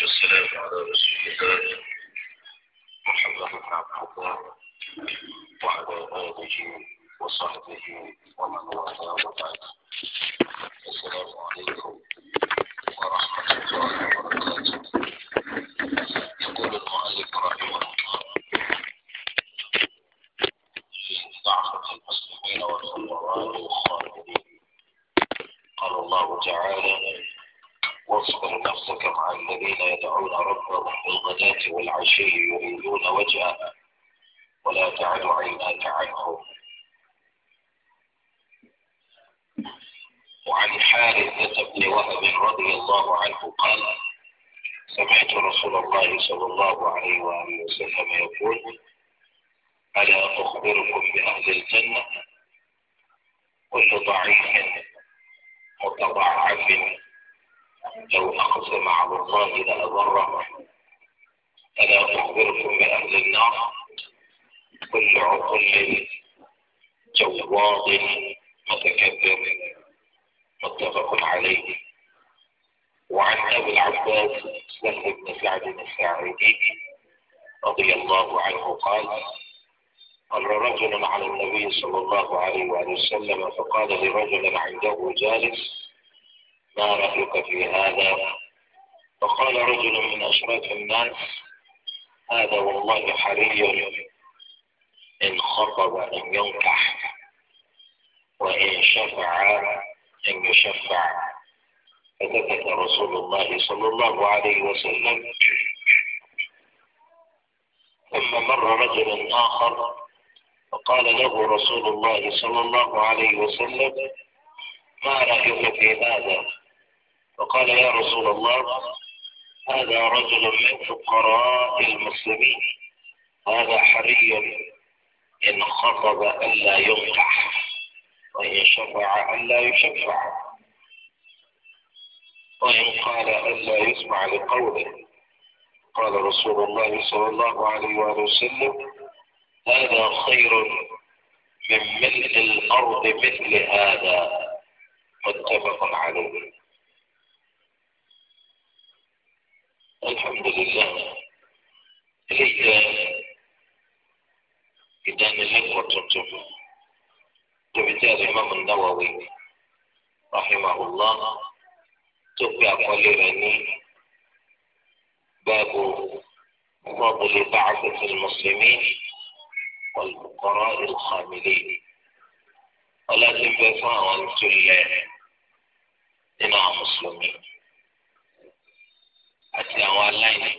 والصلاة والسلام على رسول الله محمد بن عبد الله وعلى آله وصحبه ومن والاه وبعد السلام عليكم ورحمة الله وبركاته يقول المؤلف رحمه الله في ضعف المسلمين والأمراء الخالدين قال الله تعالى واصبر نفسك مع الذين يدعون ربهم بالغداة والعشي يريدون وجهه ولا تعد عيناك عنهم وعن حارثة بن وهب رضي الله عنه قال سمعت رسول الله صلى الله عليه وآله وسلم يقول ألا أخبركم بأهل الجنة كل ضعيف متضعف لو أقسم على الله لأبره ألا أخبركم بأهل النار كل عقل جواد متكبر متفق عليه وعن أبي العباس سهل بن سعد الساعدي رضي الله عنه قال مر رجل على النبي صلى الله عليه وآله وسلم فقال لرجل عنده جالس ما رأيك في هذا فقال رجل من أشراف الناس هذا والله حري إن خطب أن ينكح وإن شفع أن يشفع فسكت رسول الله صلى الله عليه وسلم ثم مر رجل آخر فقال له رسول الله صلى الله عليه وسلم ما رأيك في هذا فقال يا رسول الله هذا رجل من فقراء المسلمين هذا حري إن خطب ألا ينكح وإن شفع ألا يشفع وإن قال ألا يسمع لقوله قال رسول الله صلى الله عليه وآله وسلم هذا خير من ملء الأرض مثل هذا متفق عليه الحمد لله eléyìí ìdánilẹ́kọ̀ọ́ tuntun tóbi tí alimami Nawawi rahimahullah tó pe àkọlé rẹ̀ ní báàbò fọ́bùlì bàcàfẹ́fẹ́ mùsùlùmí wàlùkọ́rọ́ ìlúkàmìlì ọlọ́dún bẹ fún àwọn tó lẹ̀ nínú àwọn mùsùlùmí. àti àwọn aláìní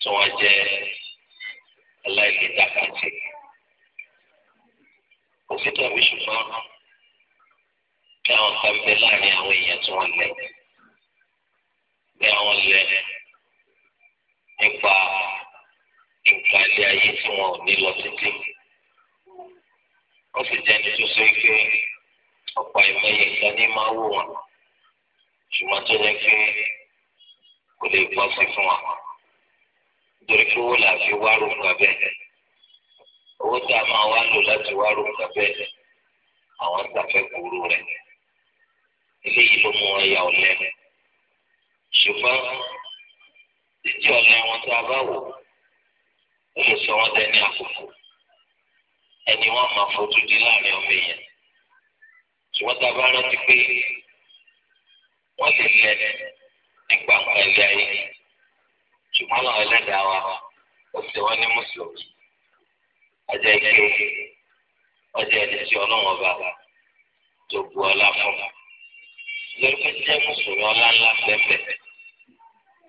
tí wọ́n jẹ́ aláìní dàkàtì. kò sí tàbí ṣùgbọ́n kí àwọn kan bẹ láàrin àwọn èèyàn tí wọ́n lẹ̀ bí àwọn lẹ̀ nípa nǹkan ilé ayé tí wọn ò ní lọ títí. wọ́n sì jẹ́ni tó ṣe pé ọ̀pọ̀ ìmọ̀ye nǹkan ní máa wò wọ́n ṣùgbọ́n tó yẹ pé kò lè bọ́ sí fún wa nítorí pé owó làá fi wárò nǹkan bẹ́ẹ̀ owó tá a máa wá lò láti wárò nǹkan bẹ́ẹ̀ àwọn ń tàfẹ́ kúrú rẹ̀ eléyìí ló mú wọn ya ọ̀lẹ ṣùgbọ́n títí ọ̀lẹ wọn tá a bá wò ó lè sọ wọn dẹni àkókò ẹni wọn máa fojú di láàrin ọmọ èèyàn ṣùgbọ́n tá a bá rántí pé wọ́n lè lẹ́nu nípa nǹkan ilé ayé ṣùgbọ́n náà ẹlẹ́dàá wa ó sì wọ́n ní mùsùlùmí ọjọ́ ike ọjọ́ ẹni tí ọlọ́run ọba tó bu ọlá fún lórí pé jẹ́ mùsùlùmí ọlá ńlá bẹ́ẹ̀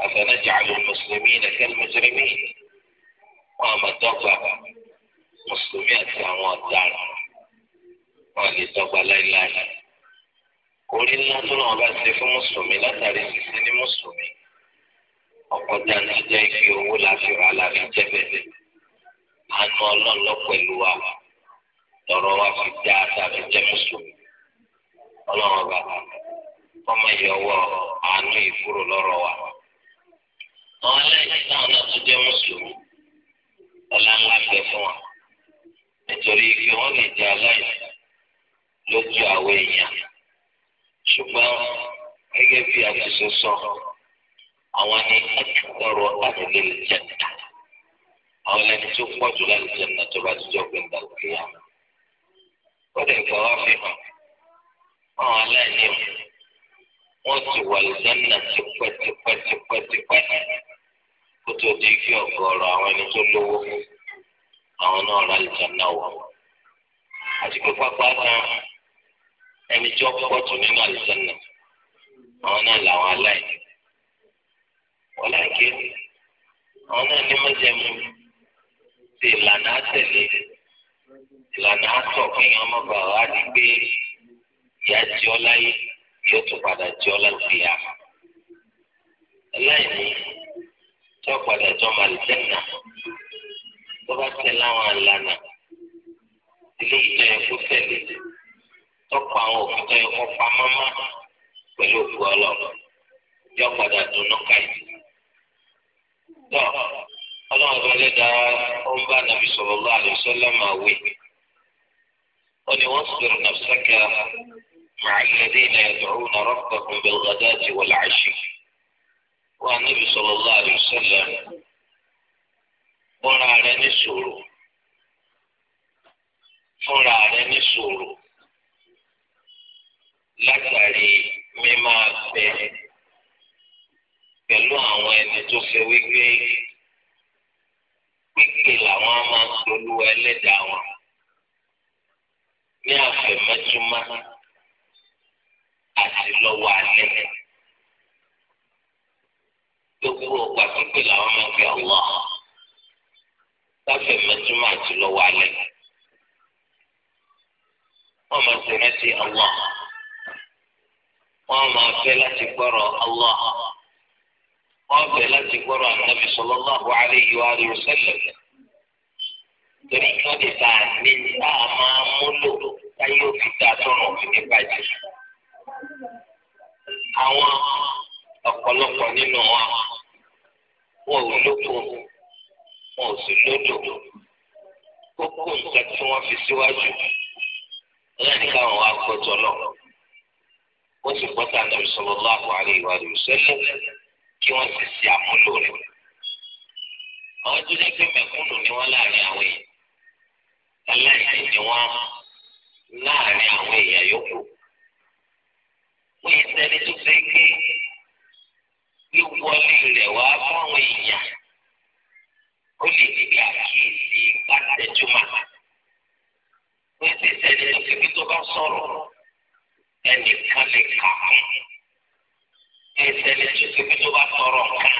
أفنجعل المسلمين كالمجرمين وما تقبل مسلمين كانوا الدار ولتقبل الله orí ńlá tó náà bá ṣe fún mùsùlùmí látàrí ṣiṣẹ́ ní mùsùlùmí ọkọ̀ dáná jẹ́ ife owó la fi rà la fi jẹ́ bẹ́ẹ̀ àánú ọlọ́run lọ pẹ̀lú wa lọ́rọ̀ wa fi dá a tàbí jẹ́ mùsùlùmí ọlọ́run ọba ọmọ ìyọwọ́ àánú ìfúró lọ́rọ̀ wa àwọn aláìsí náà náà tún jẹ́ mùsùlùmí ọlá ńlá fẹ́ fún wa nítorí ife wọn lè jẹ́ aláìsí lójú àwọn èèyàn ṣùgbọ́n gẹ́gẹ́ bí a ti ṣe sọ àwọn ni akẹ́kọ̀ọ́ àdìlẹ́ ìjẹta àwọn ẹni tó pọ̀ jù láti jẹun náà tó bá ti jọ pé ń dàgbé yà wọ́n. ó lè gbọ́ wá fi hàn àwọn aláìní wọn ti wà lẹ́yìn náà tipẹ́tipẹ́tipẹ́tipẹ́ kó tó di ife ọ̀gọ̀ọ̀rọ̀ àwọn ẹni tó lówó àwọn náà rà lẹ́yìn náà wọ̀ àti pé pápá náà ẹni tí ó pọ̀ jù nínú àlùsánà àwọn náà làwọn aláìní ọ̀làǹkẹ́ àwọn náà ní mọ́jẹ̀mú ti ìlànà àtẹ̀lé ìlànà àtọ̀ kéèyàn ọmọ bàbá wa di pé ìyá jẹ́ ọ láyé yóò tún padà jẹ́ ọ láti yá aláìní tí ó padà jọ màlìsẹ́nà tó bá tẹ̀ láwọn àlànà ilé ìjọ yẹn kó tẹ̀lé tọ́pọ̀ àwọn òbí tó yẹ kó pamọ́ mọ́ pẹ̀lú òkú ọlọ́run yọ padà dùnú káyìí. tọ́ ọlọ́run bá lè dá ó ń bá nàbì sallallahu alaihi wasallam máa wí. ó ní wasbir nafsaka ma'a alladhina yad'una rabbahum bilghadati wal 'ashi. wọ́n á nàbì sallallahu alaihi wasallam fúnra rẹ̀ ní sùúrù fúnra rẹ̀ ní sùúrù. irgendwie alayhi wa alihi torí kí wọ́n lè bá a ní tá a máa múlò táyé òfin dá tọrọ òfin ní bàjẹ́. àwọn ọ̀pọ̀lọpọ̀ nínú wa wọn ò lóko wọn ò sì lódò kókó nǹkan tí wọ́n fi síwájú lẹ́yìn káwọn wá gbọ́dọ̀ lọ. wọ́n sì gbọ́dọ̀ àdàbí sallallahu alayhi wa sallam kí wọ́n sì ṣe àmúlò rẹ̀ àwọn tó jẹ́ pé mẹ̀kúnnù ni wọ́n láàrin àwọn èèyàn aláìsí ni wọ́n láàrin àwọn èèyàn yòókù wọ́n yẹ sẹ́ni tó fẹ́ pé wíwọlé rẹ̀ wá fáwọn èèyàn ó lè di àkíyèsí pátẹ́júmọ́ wọ́n yẹ sẹ́ni tó fẹ́ pé tó bá sọ̀rọ̀ ẹnìkan lè kà á yẹ sẹ́ni tó fẹ́ pé tó bá sọ̀rọ̀ kan.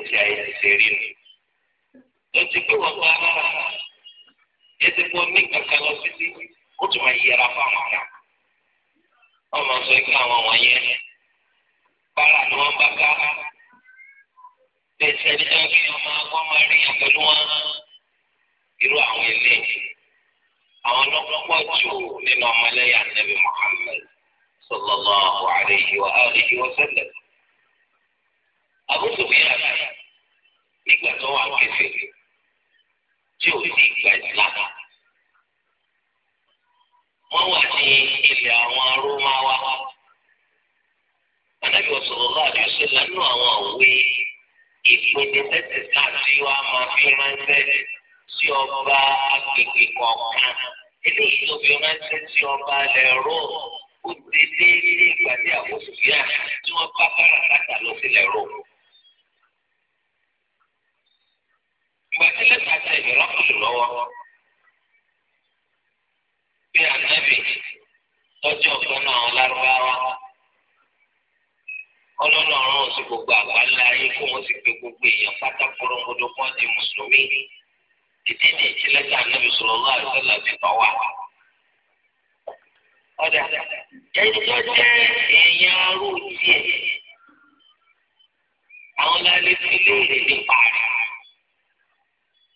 ìgbésí ayé ti ṣe rí nù. ló ti pé wọn bá ara ètò ìpò ní kankan lọ títí ó tún máa yẹra fáwọn kan. wọn máa sọ pé àwọn wọ̀nyẹn bára ni wọn bá ká bẹ́ẹ̀ sẹni tó ń fi ọmọ wọn máa rí yàn wọn irú àwọn ilé àwọn jù nínú ọmọlẹ́yà nẹ́bí nígbà tó wà kẹfẹ tí ò sí ìgbà ìsìlámù wọn wà ní ilẹ̀ àwọn arómáwá ànábì sallallahu alaihi wasallam nínú àwọn òwe ìpinnu tẹsí láti wá máa fi ránṣẹ́ sí ọba agbègbè kọ̀ọ̀kan eléyìí tó fi ránṣẹ́ sí ọba lẹrọ ó ní ìgbà tí àwọn òṣìṣẹ́ tí wọn bá kárakáta lọ sí lẹrọ. ìgbà tí lẹ́tà ta ìbẹ̀rẹ̀ ọ̀pọ̀lù lọ́wọ́ bí ànábì tọ́jú ọ̀kan náà àwọn lárúbáwá ọlọ́nà ọ̀run sì gbogbo àgbáńlá ayé kó wọ́n sì pé gbogbo èèyàn pátá korongodo kan di mùsùlùmí ìdí ni ìtìlẹ́tà ànábì sọ̀rọ̀ lọ́wọ́ àìsọ́lá ti tọ́ wà. ọ̀dà ẹjọ́ jẹ́ èèyàn arú tiẹ̀ àwọn lálẹ́ fi léèrè nípa rẹ̀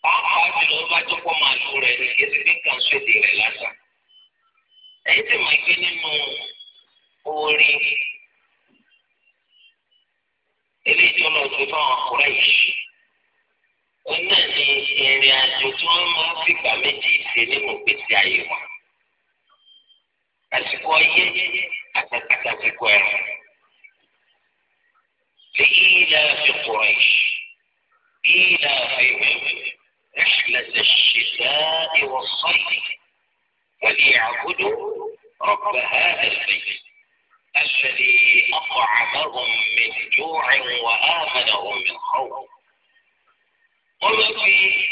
pàápàá jùlọ bá tó kọ́ máa lò rẹ̀ ní kí ẹsẹ̀ kan sọ èdè rẹ̀ lásán. èyí tí mo gbé nínú orí eléyìí tó lọ sí fún àwọn ọkùnrin yìí ó náà ní ìrìn àjò tí wọ́n máa fi gbà méjì ṣe nínú ìgbésí ayé wọn. àsìkò ọyẹ àtàkàtà àsìkò ẹ̀rùn. لإيلاف قريش إيلاف مؤمن رحلة الشتاء والصيف وليعبدوا رب هذا البيت الذي اطعمهم من جوع وامنهم من خوف قل في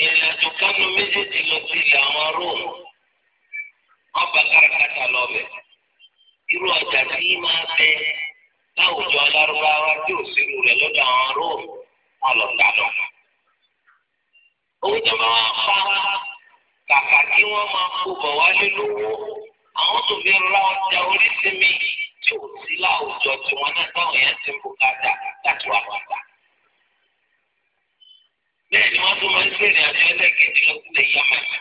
الى تكن مثل التي يامرون قبل كركه لومه irú ọjà في máa bẹ táwùjọ alárúbáwá tí ò sí rú rẹ lọdọ owó tó bá wà pa kàkà kí wọ́n máa kó bọ̀ wálé lówó àwọn tó fi ra ọjà oríṣi mi tí ò sí láwùjọ tí wọ́n náà táwọn yẹn ti ń bò káàdà láti wà pàtà. bẹ́ẹ̀ ni wọ́n tún máa ń sèrìn àjọ ẹlẹ́gẹ̀dẹ̀ lọ́kùnrin yamani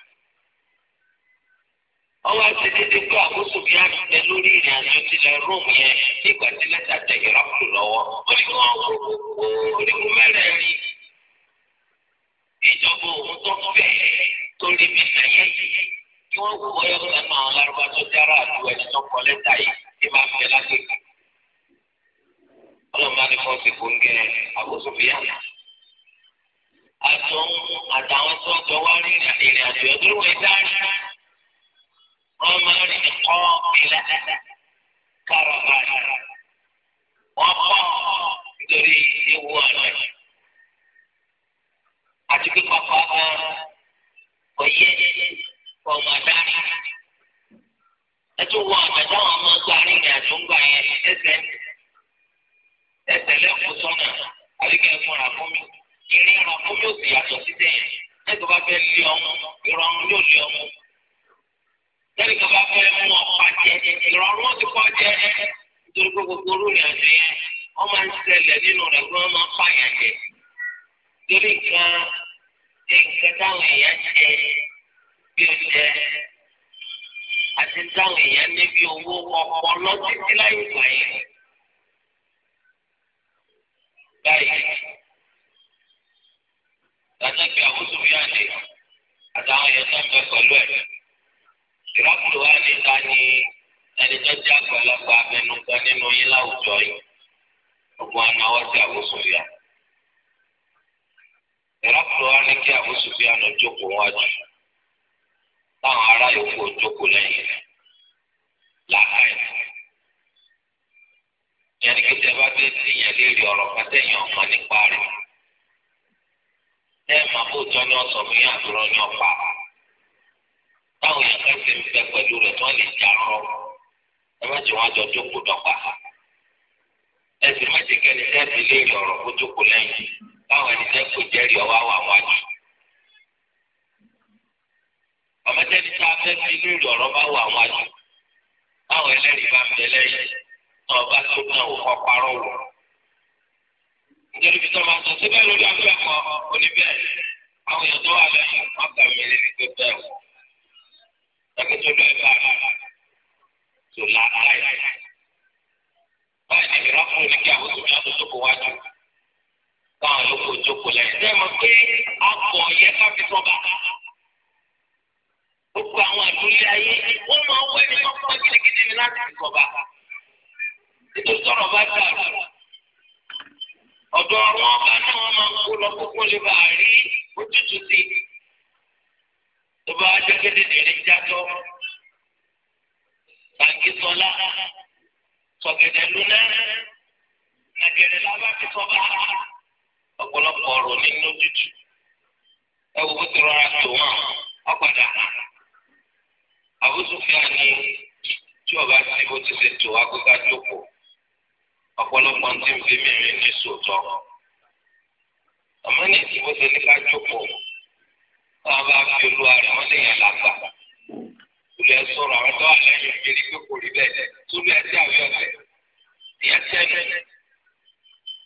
ọwọ́ ti dédé pé àkóso bí a tẹ lórí ìrìn àjò tilẹ̀ Rome yẹn nígbà tí lẹ́tà tẹ̀yẹ̀rọ̀ kù lọ́wọ́ ó ní kí wọ́n kó ìjọba òun tó bẹ́ẹ̀ tó lé mi láyé kí wọ́n wọ ọyọ́ sanu àwọn lárúbá tó dára àdúrà ẹni tó kọ́ lẹ́tà yìí tí máa fẹ́ lágbègbè. ọlọ́mọ adé fọ́n ti kò ń gẹ àkóso fìyànà. àjọ àtàwọn tí wọ́n jọ wá rí ìrìn àjò ẹgbẹ́ wọn dára wọ́n máa rìn ní kọ́ ìlà káràbà. wọ́n pọ̀ nítorí ewu àná yìí àti pé pàpà gan ọyẹ ọmọ adarí ẹtú wọ ọmọ táwọn ọmọ gba arìnrìn àjò ń gbà yẹn ẹsẹ̀ ẹsẹ̀ lẹkọọ sọnà àríkẹ fúnra fún mi ìrìnra fún mi ò sì yàtọ̀ sí tẹ̀yìn ẹgbẹ́ bá fẹ́ lé ọmọ ìrọ̀rùn yóò lé ọmọ tẹ́lifà bá fẹ́ mú ọ̀pá jẹ ìrọ̀rùn ó ti kọ́ jẹ nítorí pé gbogbo olórí àjọ yẹn wọ́n máa ń ṣẹlẹ̀ nínú rẹ̀ pé wọ́n máa pààyàn jẹ torí nǹkan nǹkan táwọn èèyàn jẹ bí ó jẹ àti táwọn èèyàn níbi owó ọkọ lọ́títí láì gbà yẹn. báyìí látàkì àwùjọ mi àlè àtàwọn èèyàn tó ń bẹ pẹ̀lú ẹ̀. ìrọ́pùlù wa ní ta ni ẹni tó jẹ́ àgbàlagbà abẹnugan nínú yín láwùjọ yìí. ọgbọ́n anáwó sí àwùjọ yìí ló wá ní kí àbúsùfíànù jókòó wájú táwọn ará yòókù jókòó lẹ́yìn rẹ̀ làákàyè yẹn ni kí tẹ bá dé sí yẹn léèrè ọ̀rọ̀ pátẹ́yìn ọ̀mọ nípa rẹ̀ ẹ máa bó tọ́ ní ọ̀sán fún yín àdúrà ní ọ̀pá táwọn èèyàn kan ti ń bẹ pẹ̀lú rẹ̀ tí wọ́n lè jà rọ ẹ má jẹ́ wọ́n jọ jókòó dọ́gba ẹ sì má jẹ́ kẹ́ni tẹ́ẹ̀tì léèrè ọ̀rọ̀ kó jókòó lẹ́yìn. káwọn ẹni tẹ́ kò jẹ́rìí ọwọ́ àwọn àwọn àjù. ọmọdéni tá a fẹ́ fi lórí ọ̀rọ̀ bá wà àwọn àjù. báwọn ẹlẹ́rìí bá fẹ́ lẹ́yìn náà bá tó náà wò kọ́ parọ́ wò. nítorí pípa máa sọ síbẹ̀ lórí oníbẹ̀ àwọn èèyàn tó wà lẹ́yìn wọn kà mí lè fi bẹ́ẹ̀ wò. ẹgbẹ́ tó lọ báyìí káwọn yòókù jókòó lẹ́yìn. ṣé mo pé akọ yẹ káfí sọba gbogbo àwọn àdúlé ayé wọn máa ń wẹni wọn fún gidigidi ní láti fi sọba ètò sọ̀rọ̀ bá dàrú ọ̀dọ̀ àwọn ọba náà wọn máa ń kó lọ kókó lè bá a rí ojútùú sí tó bá jẹgẹdẹ dèrè jájọ bàǹkì sọlá sọgẹdẹ lónà nàgẹrẹ lábàtì sọba. ọ̀pọ̀lọpọ̀ ọ̀rọ̀ nínú tútù ẹ wo bó ti rọra tó wọn ọ̀padà àbúsùfíà ni tí ọba ti bó ti ṣe tó agbégbá jókòó ọ̀pọ̀lọpọ̀ ti ń fi mẹ́rin ní sòótọ́ ọmọ ní ìdìbò ṣe ní ká jókòó wọn bá fi olú ara wọn lè yàn lágbà àwọn tó wà ìgbéni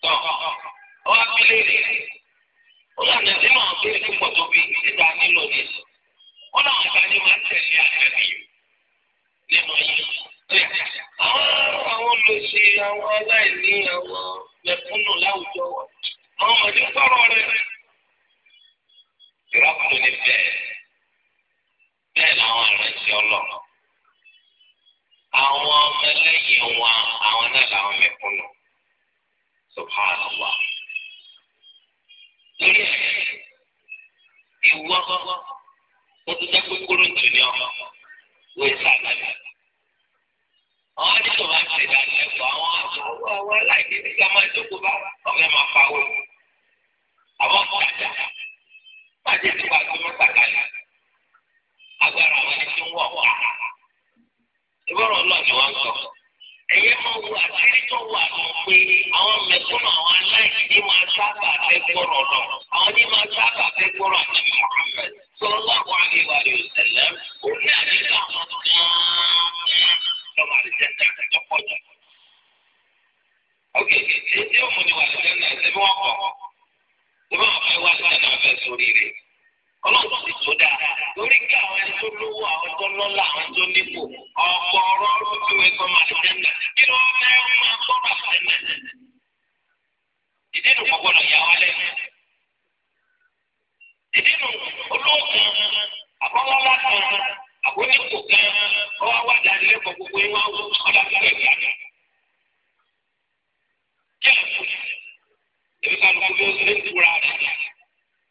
pé kò ọwọ́ abilé rẹ̀ ó lànà nínú àwọn abẹ́rẹ́ tó pọ̀ tó bí níta nílò ní ìsìn ó làwọn ìbáni máa ń tẹ̀lé àyàbí nínú ayé àwọn àwọn olùsè àwọn aláìní àwọn mẹ̀kúnnù láwùjọ àwọn ọmọdé ń tọrọ rẹ ìrọ́pùtù ní bẹ́ẹ̀ bẹ́ẹ̀ làwọn aránṣẹ́ ọlọ́run àwọn ọmọlẹ́yìn wọn àwọn náà làwọn mẹ̀kúnnù subhanallah torí ẹ ìwọ o ti jẹ kúkúrú jù ní ọmọ wo ẹ sábàlẹ àwọn adìsọ máa ń ṣe ìdánilẹ́kọ̀ọ́ àwọn àwọn àwọn aláìní nígbà máa jókòó bá ọmọ ẹ máa fa owó àwọn ọmọ àjà máa jẹ tí wàá tó mẹ́ta agbára àwọn ẹni tí ń wọ ọkọ àrà ìbọràn wọn sọ ẹ̀yẹ́ máa wo àṣírí tó wà mọ̀ pé àwọn mẹ̀kúnnù àwọn aláìsí ní máa sábà fẹ́ gbọ́rọ̀ lọ àwọn ní máa sábà fẹ́ gbọ́rọ̀ àti Muhammad sọlá àwọn àríwá rẹ̀ òṣèlè ó ní àdéhùn àwọn gan-an lọ́wọ́ àdìjẹ́ta lọ́pọ̀ jù. ok ètí òmùnìwà àdìjẹ́ta ẹ̀sẹ̀ bí wọ́n kọ̀ ṣé wọ́n fẹ́ wá sí ẹ̀nà àfẹ́ sórí rẹ̀ ọlọ́run sì tó dáa torí kí àwọn ẹni tó lówó àwọn tó lọ́lá àwọn tó nípò ọ̀pọ̀ ọ̀rọ̀ lójú ẹ̀kọ́ máa ti dẹ́nà kí ló ń bẹ́ wọn máa gbọ́dọ̀ àfẹ́nà. ìdínú kò gbọdọ̀ yà wá lẹ́nu. ìdínú olóògùn àbọ̀wọ́lá kan àbónípò kan ọwọ́ wà dáadé lẹ́kọ̀ọ́ gbogbo yín wá ọ̀dà fúlẹ̀ ìyàgà. kí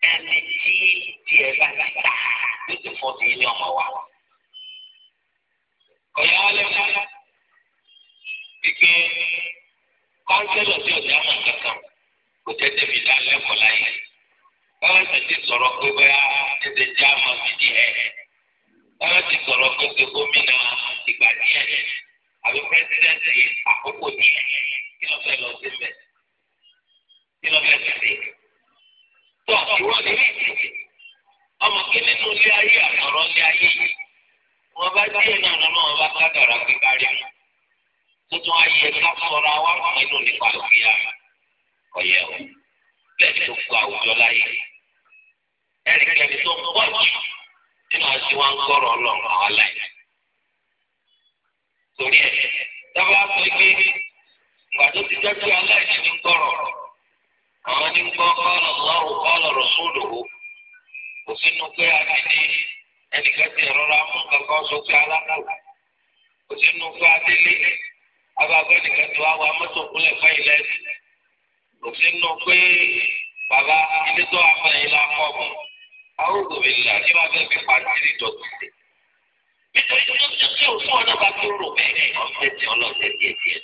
ẹni tí tiẹ̀ bá ti tà lóṣù fọ́ọ̀tì yìí ní ọmọ wa. Ọ̀yà pípé kọ́ńtẹ́lọ̀ tí mọ̀ kankan kò tẹ́tẹ́ fi dá lẹ́kọ̀ọ́ láyé. ti sọ̀rọ̀ pé bóyá já mọ̀ ẹ̀? ti sọ̀rọ̀ pé pé gómìnà ìgbà díẹ̀ àbí pẹ́sidẹ́ntì àkókò díẹ̀ kí lọ sí mẹ́? Kí tọ́ ìwọ lè rí ìsìn ọmọ kí nínú ilé ayé àtọ̀rọ̀ ilé ayé yìí wọn bá náà wọn bá pé tuntun ayé ká fọra wá pẹ̀lú nípa àlùfíà ọ̀yẹ́ o lẹ́yìn tó kọ àwùjọ láyé ẹnikẹ́ni tó ń jù nínú àti wọn ń àwọn ní gbọ́ kọ́lọ̀ lọ́wọ́ kọ́lọ̀ rọ̀súlù o kò sínú pé a ti ní ẹnìkan ti rọra mú kankan sókè alákàlà kò sínú pé a ti lé abagbẹ́ nìkan tó wá wa mọ́tò kúlẹ̀ fẹ́ ilẹ̀ kò sínú pé bàbá ilé tó àwọn ní wàá fẹ́ fi dọ̀tí nítorí ti ṣe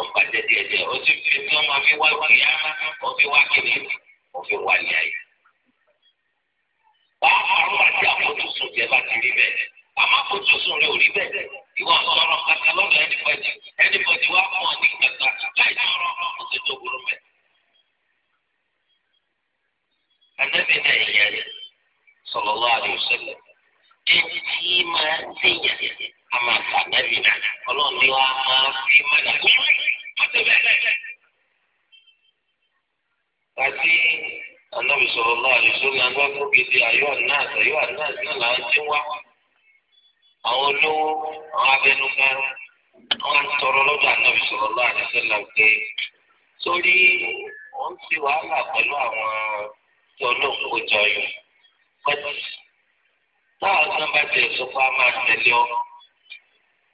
ọgbà díẹ̀ díẹ̀ o ti fi ní ọmọ mi wá wá o fi wá kí o fi wá ní ayé. wá àrùn àti àfojúsùn jẹ bá ti rí bẹ́ẹ̀ àfojúsùn rẹ ò rí ìwọ kàtà ẹnìbọdì ẹnìbọdì fún ọ ní láì o ti tó burú anábì náà ìyá rẹ sọlọ lọ ẹni tí máa ń ká máa fà nẹ́bí náà ọlọ́run ni wàá máa fi mọ́nà lọ́wọ́ mọ́tò bẹ́ẹ̀. Kàtí ànábì sọ̀rọ̀ náà àlùsọ náà gbọ́ fún gidi àyọ̀ náà àtàyọ̀ náà náà làwọn ti wá. Àwọn olówó, àwọn abẹnugan, wọ́n ń tọrọ lọ́dọ̀ ànábì sọ̀rọ̀ náà àlùsọ náà pé sórí wọ́n ti wàhálà pẹ̀lú àwọn tí ọlọ́run yìí. Bẹ́ẹ̀ni, táwọn kan tẹ̀ sọ́kọ́ á máa tẹ̀lé ọ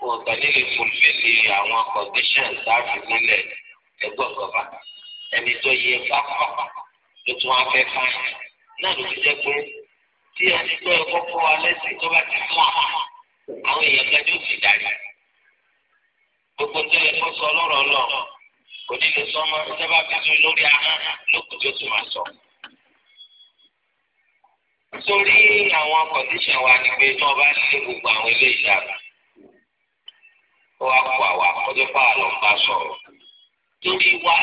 wọn kàn ní lè fulfili àwọn condition láti nílẹ̀ ẹgbọ́n kọba ẹni tó yẹ pápá ló tún wá fẹ́ fáyà náà ló ti jẹ́ pé tí ẹni tó yẹ kọ́kọ́ wa lẹ́sìn tó bá ti mú àwọn àwọn èèyàn kan yóò fi dàrí gbogbo tó yẹ kó sọ lọ́rọ̀ lọ kò ní lè sọmọ sábà fi tún lórí ahọ́n lókùn tó tún máa sọ. sórí àwọn condition wa ni pé tí wọ́n bá lé gbogbo àwọn ilé ìdáàbò ó wá kó àwa kọjá pa àlọ́ ń bá sọ̀rọ̀. torí wa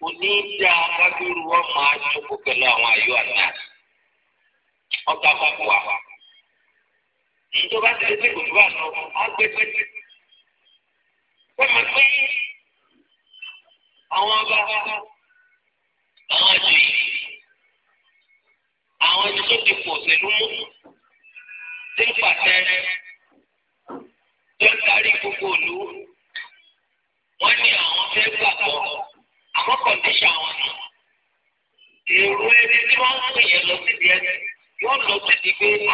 kò ní í dá agbábíru wọn máa jókòó pẹ̀lú àwọn àyò àná ọ̀tá kọ̀ọ̀kọ̀ wa. ìjọba ti lè dé kòtò bá lọ agbẹ́sẹ̀. wọ́n mọ̀ pé àwọn ọba àwọn àjòyè àwọn ẹni tó ti pọ̀ òṣèlú mú ń pàtẹ́ tó ń darí gbogbo òlu wọ́n ní àwọn fẹ́ gbàgbọ́ àwọn kọ̀ǹdíṣà wọn nù. èrò ẹni tí wọ́n ń pè yẹn lọ síbi ẹni yóò lọ síbi pé kí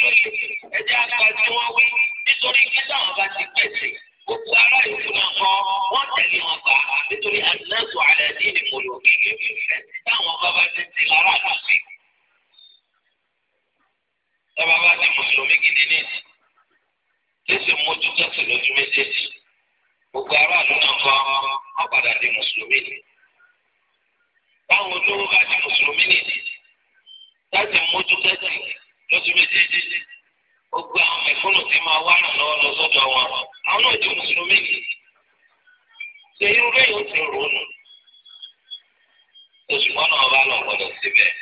ló lè ẹjẹ́ àgbà tí wọ́n wí nítorí kí táwọn bá ti pèsè gbogbo ará ìlú náà kọ wọ́n tẹ̀lé wọn gbà nítorí àdínàtò ààrẹ ní ìmọ̀lẹ̀ òkèèrè ìfẹ́ táwọn bá bá ti ti lára àdúgbò. táwọn bá ti mùsùlùmí gidi ní ìsìn tẹsí mójú tẹsí lójú méjèèjì gbogbo aráàlú náà kọ wọn padà di mùsùlùmí ni báwọn olówó bá di mùsùlùmí ni tẹsí mójú tẹsí lójú méjèèjì gbogbo àwọn mẹ̀kúnnù tí máa wá ràn lọ́wọ́ lọ sọ́dọ̀ wọn àwọn náà di mùsùlùmí ni ṣe irú lẹ́yìn ó ti rònú oṣù mọ́nà ọba lọ gbọ́dọ̀ síbẹ̀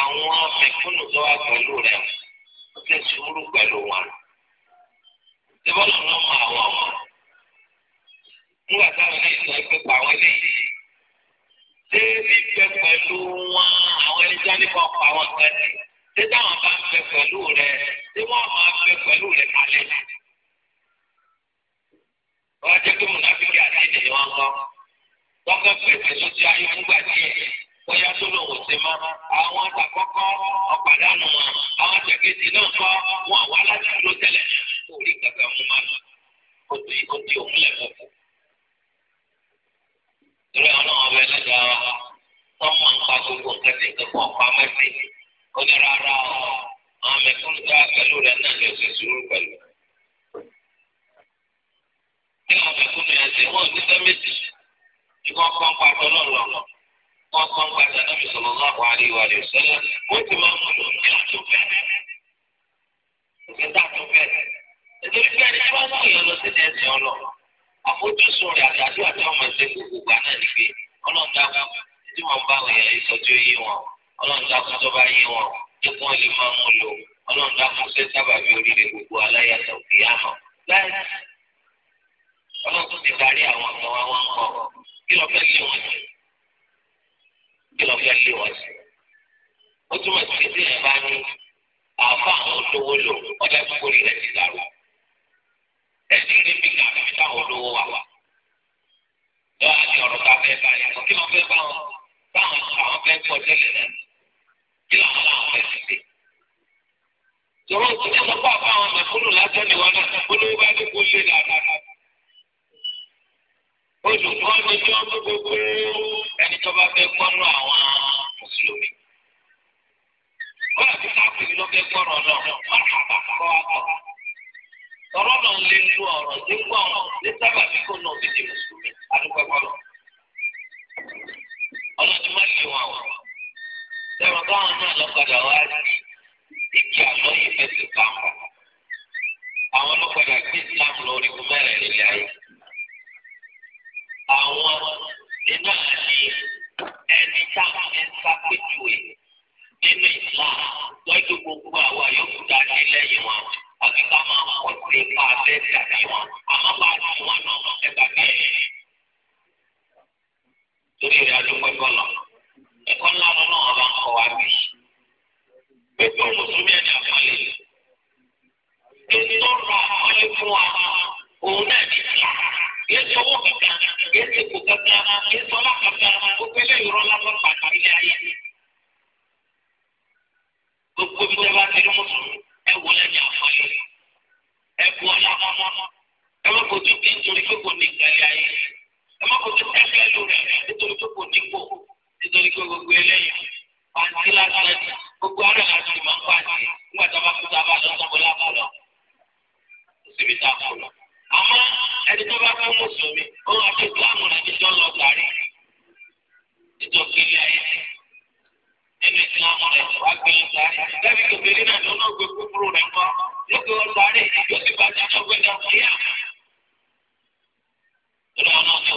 àwọn mẹ̀kúnnù tó wà pẹ̀lú rẹ̀ tẹ̀sí wúrú pẹ̀lú wọn ṣébọ́ lọ́wọ́ mọ àwọn ọmọ nígbà táwọn ilé ìsọ ẹgbẹ́ pa àwọn ilé yìí ṣé bíbẹ pẹ̀lú wọn àwọn ẹni tí wọ́n ní kọ́ pa wọn kan ní ṣé táwọn bá ń bẹ pẹ̀lú rẹ ṣé wọ́n máa bẹ pẹ̀lú rẹ kalẹ̀ ní. wọ́n á jẹ́ pé mùnàfíkì àti ènìyàn wọn kọ́ wọ́n kọ́ pẹ̀lú sọ́jà ayé fúgbà díẹ̀ bóyá tó lòun ò sí mọ́ àwọn àtàkọ́kọ́ ọ̀pàdánù wọn àwọn àtẹ̀kẹ́sì náà kọ́ wọn àwọn aládùúgbò tẹ́lẹ̀ kò rí kankan mú má lọ ó ti ó ti òun lẹ̀ fún un. ìrẹ́ ọlọ́run ọba ẹlẹ́dàá wa tọ́mọ̀ ń pa gbogbo nǹkan tí nǹkan kan pa mẹ́sì ó ní rárá o àwọn mẹ́kúnnù tá a pẹ̀lú rẹ̀ náà lè ṣe sùúrù pẹ̀lú. ní àwọn mẹ́kúnnù yẹn ti wọ́n ní sẹ́mẹ́sì ìkọ́kọ́ ń pa wọn kọ́ nípa ti ànábì sọ̀rọ̀ lọ́wọ́ àríwá rẹ̀ sẹ́lẹ̀ ó ti máa mú lò ní àtúnfẹ́ òṣèlú àtúnfẹ́ nítorí pé ẹni tí wọ́n mú ìyẹn lọ sí ẹ̀sìn ọlọ àfojúsùn rẹ̀ àti àdúrà tí wọ́n máa ṣe gbogbo gbà náà pé tí bá ìsọjú wọn bá wọn máa mú lò oríire kí lọ́ọ́ fẹ́ lé wọn sí. ó túmọ̀ sí pé tí ẹ bá ní àfa àwọn olówó lò ọjà gbogbo rẹ̀ ti dàrú. ẹ̀sìn rí bí kàfí táwọn olówó wà wà. lọ́wọ́ àti ọ̀rọ̀ ká fẹ́ bá yàtọ̀ kí wọ́n fẹ́ bá wọn báwọn àwọn fẹ́ pọ̀ tẹ́lẹ̀ náà kí làwọn làwọn fẹ́ ti dé. sọ̀rọ̀ òkúta sọ pé àbá àwọn mẹ̀kúrò lásán ni wọn náà olówó bá dé kó lé dáadáa. olùkọ́ ni wọ́n gbogbo lọ́fẹ́ gbọ́rọ̀ àwọn mùsùlùmí. Bọ́lá tí na lọ́fẹ́ gbọ́rọ̀ náà wọ́n ọrụ bàbá kọ́ akọ́. Ọ̀rọ̀ náà lè lu ọ̀rọ̀ ní sábà kò náà fi di mùsùlùmí ṣe wọn Sẹ́wọ̀n káwọn náà lọ́kadà wá sí ìkí àlọ́ yìí pàmò. Àwọn gbé ìsìlámù ayé. Àwọn ẹni tá a fi ṣàpèjúwe nínú ìlà lọ́jọ́ gbogbo àwọn yòókù dáadé lẹ́yìn wọn àti ká máa kọ́ sí ipa abẹ́ dàbí wọn àmọ́ bá a ti wọn náà ẹ gbàgbé ẹ̀. torí rẹ̀ adúpẹ́ kọ́lọ̀ ẹ̀kọ́ ńlá wọn náà bá ń kọ́ wa bí. gbogbo mùsùlùmí ẹni àpọ́nlé ètò ọ̀rọ̀ àpọ́nlé fún wa òun náà ní ìlà yéésù owó kankan yéésù epo kankan yéésù ọlá kankan gbogbo eléyìí rọ lọ́wọ́ pàtàkì ilé ayé gbogbo bí wọ́n bá ti rí mùsùlùmí ẹ wò lẹ́yìn àfọyín ẹ bu ọlá mọ́mọ́ ẹ má kojú kí nítorí pé kò ní ìgbàlẹ̀ ayé ẹ má kojú kẹ́kẹ́ ẹlú rẹ̀ nítorí pé kò ní kó nítorí pé gbogbo eléyìí pàǹtí lásán gbogbo ara làásì máa ń pàǹtí nígbà bá kú tá a bá lọ sọ́kọ́ lábàlọ́ òsibítà kù lọ. àmọ́ ẹni tó bá fẹ́ mùsùlùmí ó máa fi ìsìláàmù rẹ̀ níjọ́ lọ sàárì nítorí ayé ẹni ìsìláàmù rẹ̀ wá gbé lọ sàárì lẹ́bi kòtòrí náà ló náà gbé kúkúrú rẹ̀ kọ́ ló gbé lọ sàárì yóò ti bá dáná gbé fún yá. Ìlú náà ti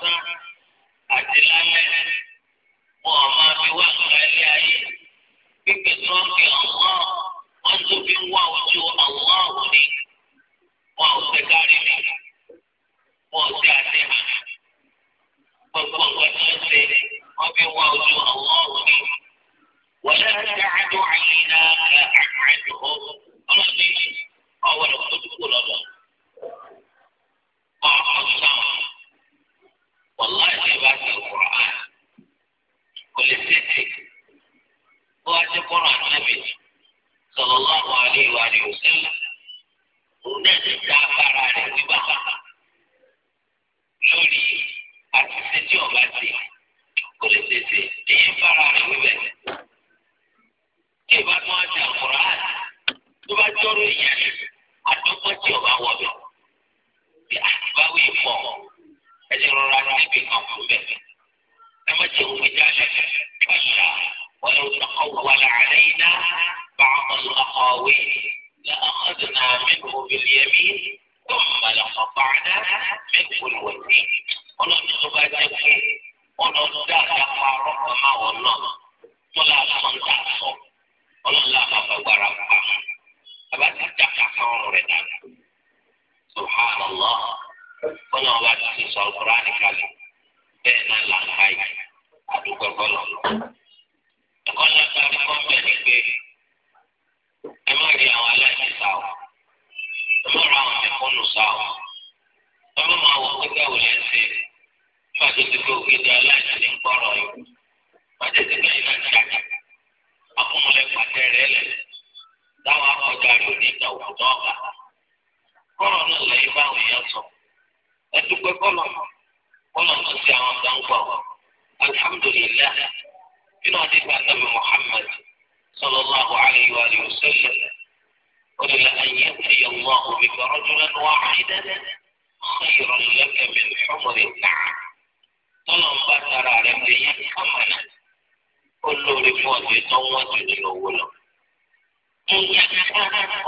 o. àti lálẹ́ wọn ò máa fi wá sọ̀rọ̀ ilé ayé pípé tí wọ́n fi ọ̀wọ́ wọ́n tún fi wá ojú àwọ̀ ọ̀hún wọn ò ṣe ni wọn ò ṣe àti àná.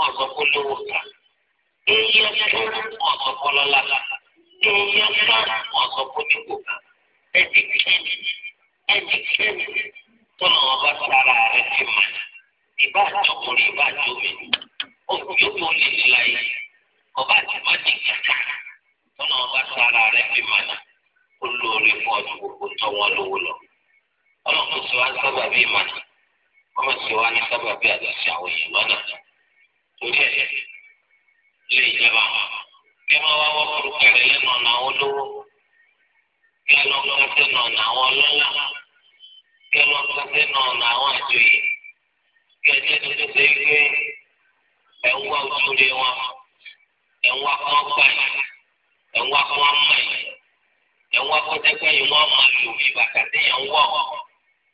ọ̀sọ̀ kó lówó kan èèyàn tó ọ̀sọ̀ kó lọ́lá èèyàn tó ọ̀sọ̀ sára rẹ̀ ti mọ̀ ìbá ìbá òkùnkùn ọba kàkà sára rẹ̀ ti mọ̀ olórí fún ọdún gbogbo lówó ọmọ sì wá ní sábà bí àdàsí àwọn èèyàn lọ́nà torí ẹ̀ lè jẹba kí ẹ wá wọ́n orúkọ lẹ́nu ọ̀nà àwọn olówó kí ẹ lọ́ọ́ kọ́ sẹ́nu ọ̀nà àwọn ọlọ́lá kí ẹ lọ́ọ́ kọ́ sẹ́nu ọ̀nà àwọn àjòyè kí ẹ jẹ́ tuntun ṣe é ẹ̀ ń wá ojú wọn ẹ̀ ń wá kán gbà ẹ̀ ń wá kán mọ̀ yìí ẹ̀ ń wá kán tẹ́gbẹ́ yìí wọ́n máa lò bí bàtà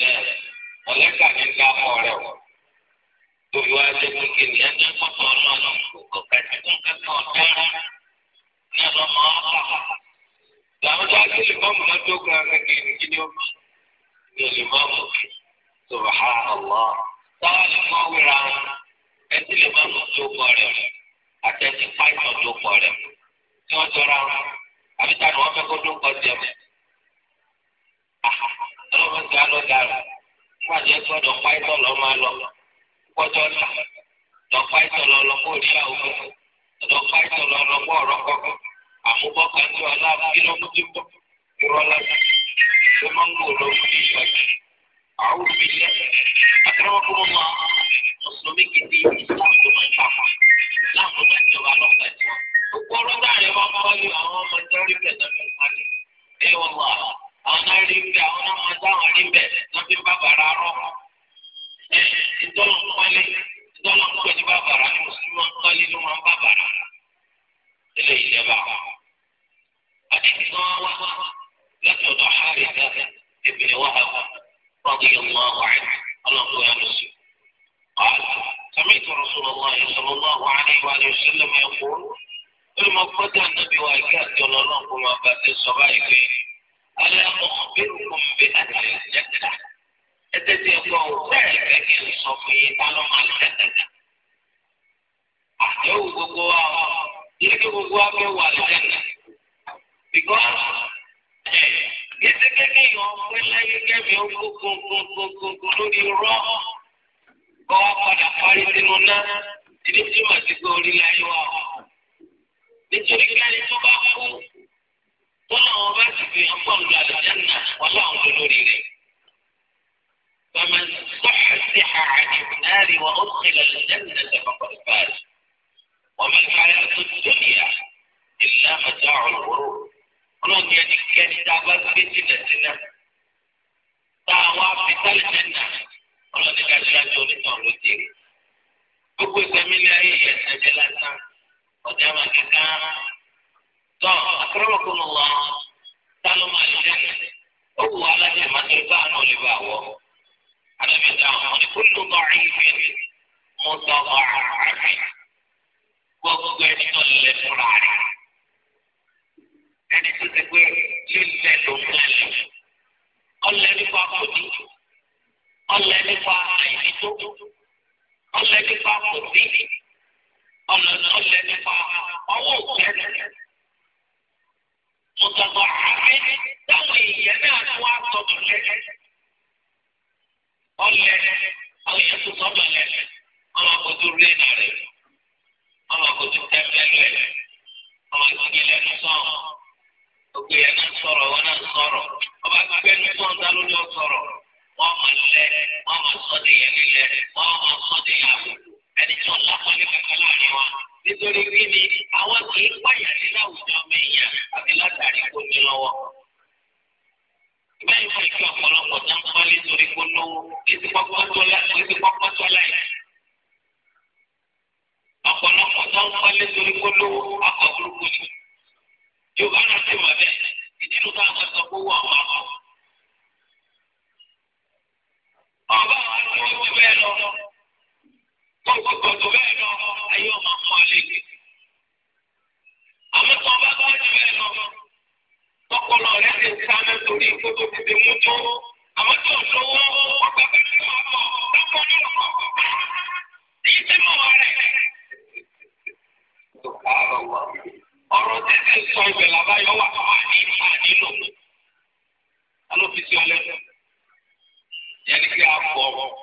bẹ́ẹ̀ mọ̀lẹ́kà ní ká mọ́ rẹ̀ wọ̀. Torí wá ṣe pé kí ni ẹjọ́ pọ̀tọ̀ ọlọ́run kò kẹ́sì tó kẹ́kẹ́ ọ̀daràn ní ọ̀nà máa ń bà. Làwọn tó ṣe lè mọ́mù lọ́jọ́ kan kékeré ní kíni ọmọ ní olè mọ́mù kí. Subhanallah. Táwa lè mọ wíra wọn. Ẹtí lè mọ́mù tó kọ rẹ̀ mọ́. Àtẹ̀tí pàìtàn tó kọ rẹ̀ mọ́. Tí wọ́n jọra wọn. Àbíta ni wọ́n fẹ́ kó tó kọ jẹ mọ́ ọlọ́mọ ti alọ dàrú fún àjẹ tó ọdọ páìtọ lọ máa lọ kọjọ ta lọ páìtọ lọ lọ kó rí àwọn ọmọ lọ páìtọ lọ lọ kó ọ̀rọ̀ kọkọ àmúbọ kan tí wọn náà fi lọ kúti bọ irọ́ lásán tó máa ń gbòòrò ní ìṣọjì àwọn òbí yẹ àtẹnumọkọ mọ máa mùsùlùmí gidi islam tó máa ń tàpá islam tó máa wọn gbogbo kọ́ ní àwọn náà rí bẹ àwọn náà máa dáhùn rí bẹ rọ ìtọ́nà kọ́lé ìtọ́nà kọ́lé ní bá bàrà mùsùlùmí kọ́lé ló máa ń bá bàrà ilé ìjẹba àti ìtàn wa láti ọ̀dọ̀ àárẹ̀ ìbìlẹ̀ wà àwọn lọ ألا أخبركم بأهل الجنة التي قوتها لكن صفي طالما الجنة أحيو بقوة يجي بقوة بقوة الجنة because yẹtẹ kẹkẹ yọ ọpẹ láyé kẹmí ó kó kónkónkónkó lórí rọ kọ wá padà parí sínú náà ìdí tí màá ti gbé orí láyé wa nítorí kí ẹni tó bá kú tọ́lá wọn bá ti fi hàn pọ̀lú àlùjáná wọn láwọn ló lórí rẹ̀. فمن صحصح عن النار وأدخل الجنة فقد فاز وما الحياة الدنيا إلا متاع الغرور ọlọ́run ní ẹni kẹ́ni tá a bá gbé sílẹ̀ sílẹ̀ tá a wá fi sálẹ̀ jẹ́nà ọlọ́run ní dájúdájú onítàn ló dé gbogbo ìsẹ̀mílẹ̀ ayé ìyẹ̀sẹ̀ jẹ́ lásán ọ̀dẹ́ àmàkẹ́kẹ́ tọ́ akérèmọ́kọ́ mọ̀ wá tá ló máa ṣe ní ó wù wá láti ìmọ̀tẹ́rẹ́ bá náà lè bá wọ́. àdàbí dáhùn wọn ni kó ló bá rí ìfẹ́ mo tọ́ ọ̀rọ̀ rẹ̀ gbogbo ẹni tó lè fúnra rẹ̀ ẹni tó ti pé lílẹ̀ ló ń lẹ̀ ọlẹ́ nípa kò ní ọlẹ́ nípa àìní tó ọlẹ́ nípa kò ní ọlẹ́ nípa ọwọ́ òkú ẹ̀rẹ́ mọ̀tàbà àárẹ̀ táwọn èèyàn náà tó wá tọ̀bọ̀ lẹ́lẹ́. ọ̀lẹ́ àwọn èèyàn tó tọ̀bọ̀ lẹ́lẹ́ ọmọ àkótó rẹ́nà rẹ̀ ọmọ àkótó tẹ́fẹ́lú ẹ̀ ọmọ ìgbìyànjú lẹ́nu sàn gbogbo yẹn náà sọ̀rọ̀ wọn náà sọ̀rọ̀ ọba gbẹ́nu sàn dá lórí ọ wọ́n máa lẹ wọ́n máa sọ́dẹ̀yẹ lílẹ̀ wọ́n máa sọ́dẹ̀yẹ àbò ẹni tí wọ́n lápá nípa kan láàrin wa nítorí kí ni àwọn kì í pààyàn sí láwùjọ ọmọ èèyàn àti látàrí kómi lọ́wọ́. bẹ́ẹ̀ ni kí ọ̀pọ̀lọpọ̀ tó ń pọ́lé torí kó lówó títí pọ́pọ́ tó láì. ọ̀pọ̀lọpọ̀ tó ń pọ́lé torí kó lówó akọ̀ burúkú ni. yorùbá náà ti mọ̀ bẹ́ẹ̀ ìdí ló bá àwọn sọ owó àwọn akọ. ọba àwọn akọ wọ́n bẹ́ẹ̀ lọ gbogbo gbọdọ̀ bẹ́ẹ̀ lọ ayé ọmọ fún ọ léèké. àmọ́ tó bá bá jù bẹ́ẹ̀ lọ tọpọlọ rẹ ti sá nítorí ìkótó ti ti mú tó àmọ́ tó lówó ọgbà pẹ̀lú ọkọ̀ lọ́kọ̀ ní ọkọ̀ èyí tí mọ̀ rẹ̀. ọ̀rọ̀ tẹ́tẹ́ sọ ibẹ̀ làbáyọ wà wà ní ìta nílò alófin sí ọlẹ́fẹ̀ yẹn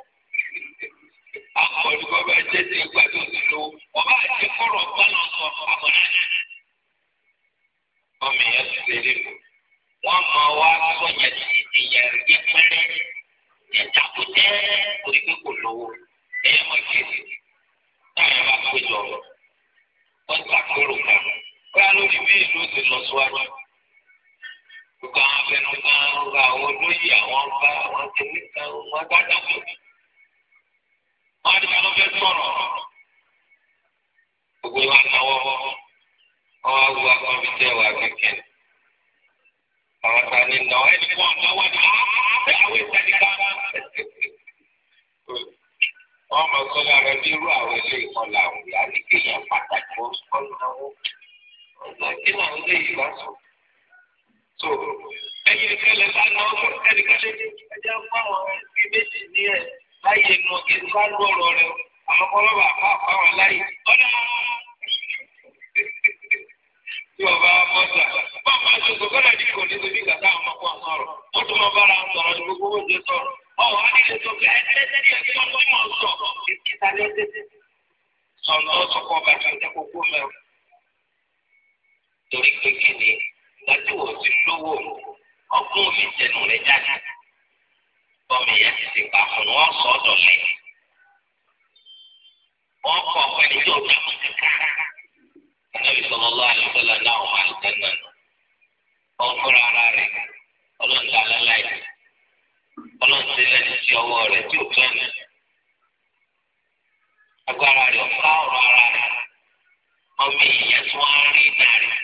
àwọn olùkọ́ bá jẹ́ sí ìgbà tó ti lo ọba àti kọ̀rọ̀ gbọ́nà sọ àmọ́ náà. ọmọ ìyá ti lè lè lò wọ́n mọ wá gbogbo àwọn afẹnugan àwọn olóyè àwọn ọba àwọn tèmítà wọn gbàdúrà wọn á dìgbà ló fẹ́ sọ̀rọ̀ gbogbo wa náwó wọn á wú akọ́bí tẹ́ wà kékeré àwọn ta ni nà ọ́ ẹni wọn náwó ni àbẹ́ àwọn ìtẹ́ni ká wọn mọ sọ́dọ̀ rẹ bí irú àwọn ilé ìkọlà àwọn ìyá ní kéèyàn pàtàkì wọn sọ náwó ọ̀nà kí náà ń lé ìgbà sọ so ẹ̀yin ìkẹlẹ̀ bá náwó ẹnìkan lé ní ẹjẹ́ fún àwọn ẹbí méjì ní ẹ̀. láyé inú ètò ká ló ọ̀rọ̀ rẹ àmọ́ kọ́ lọ́ba àbá àbáwọn láyé ọ̀dà tí ọba bọ́sà bá a máa kò ní tóbi àwọn tún máa bára ní gbogbo torí pé kí ni lówó mi jẹnu jáde tọ́mì yẹn ti ṣe pa fún wọn sọ ọ́ dọ̀lẹ́. wọ́n kọ́ pẹ̀lú tí òkè mú ti ká. anábì sallallahu alaihi wasallam náà wà lùtẹ́ náà nù. wọ́n fúnra ara rẹ̀ ọlọ́ọ̀tà aláláì ọlọ́ọ̀tà lẹ́nu sí ọwọ́ rẹ̀ tí òkè mú. agbára rẹ̀ ọ̀ká ọ̀rọ̀ ara rẹ̀ ọmọ ìyẹn tí wọ́n á rí náà rẹ̀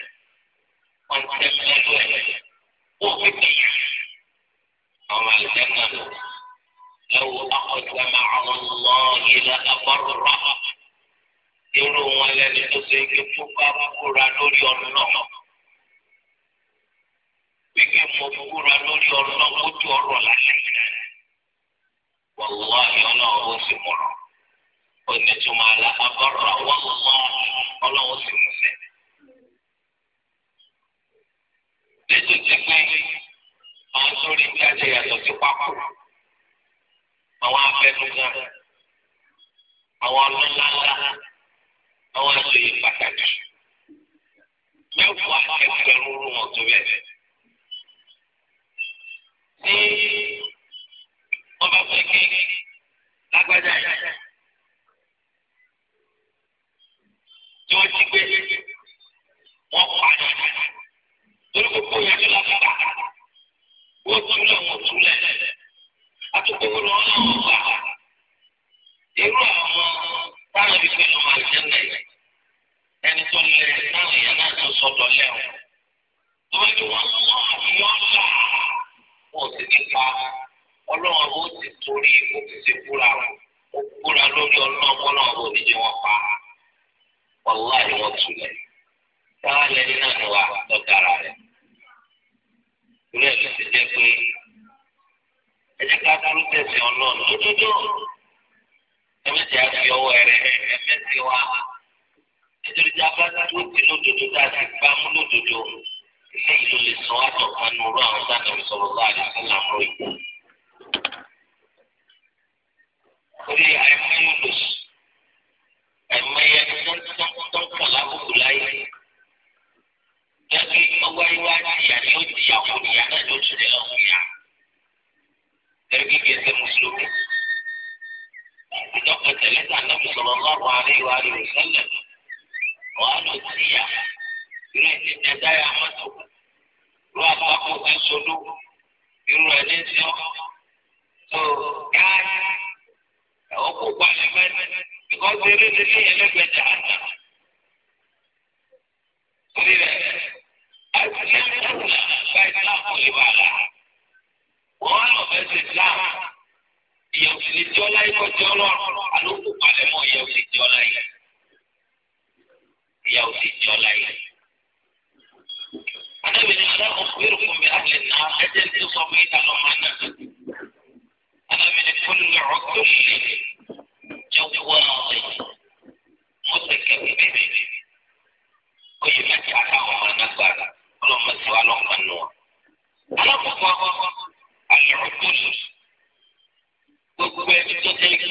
wọ́n tẹ́ mẹ́lú ẹ̀ àwọn àlùjáná lò lọ́wọ́ akọ̀jọ́ máa àwọn lọ ilẹ̀ abọ́rọ̀rọ̀ irú wọn lẹ́ni tó ṣe é kí fúnpá kúra lórí ọ̀nà náà gbẹgbẹ mọ kúra lórí ọ̀rọ̀ náà ó ju ọ̀rọ̀ lásán wàláhi ọlọ́run ó sì mọrọ ó ní túmọ̀ àlá abọrọ wàláhi ọlọ́run ó sì mọsẹ. lẹ́tọ̀ ti pé àwọn sórí bí ajẹ yàtọ̀ sí pápá àwọn afẹnugan àwọn ọlọ́láńlá àwọn àṣeyẹ pàtàkì mẹ́wàá ẹgbẹ̀rún rú wọn tó bẹ̀. ní wọ́n bá lágbájá yìí tí wọ́n ti gbé.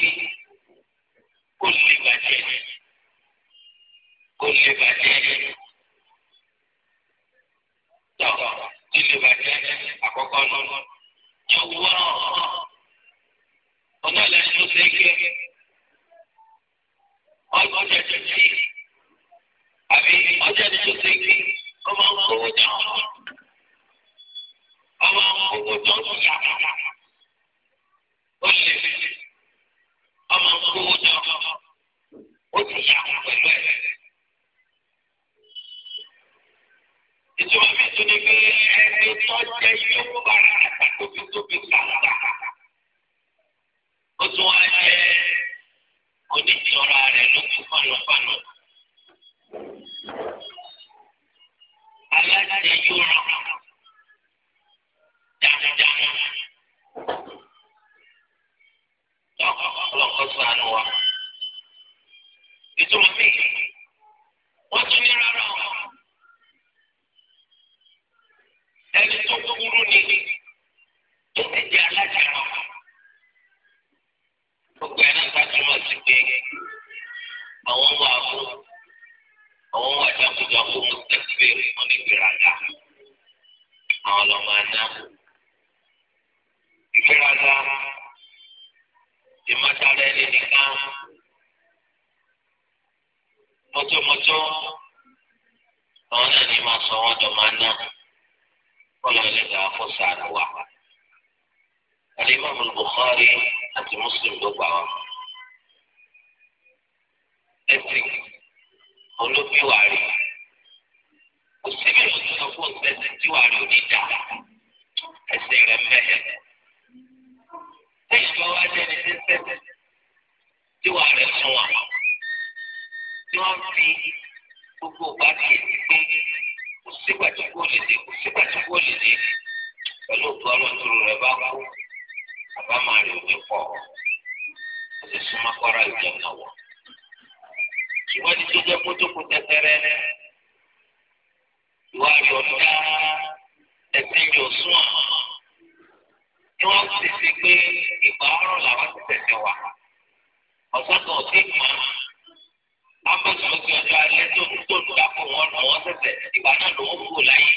see kọ́ra ìjọba wọ̀. ṣùgbọ́n ní sójú ẹkú tó kù tẹ́tẹ́rẹ́ rẹ́ ìwà rẹ̀ ọ̀dá ẹ̀sìn yóò sún ọ̀. ni wọ́n ti ṣe pé ìgbà ọ̀rọ̀ làwọn ti tẹ̀sẹ̀ wà. ọ̀sán kan ò sí ìmọ̀ amọ̀sọ̀ọ́sì ọjọ́ alẹ́ tó tó dákọ̀ wọn lọ́wọ́ tẹ̀sẹ̀ ìgbà náà lòún kú láyé.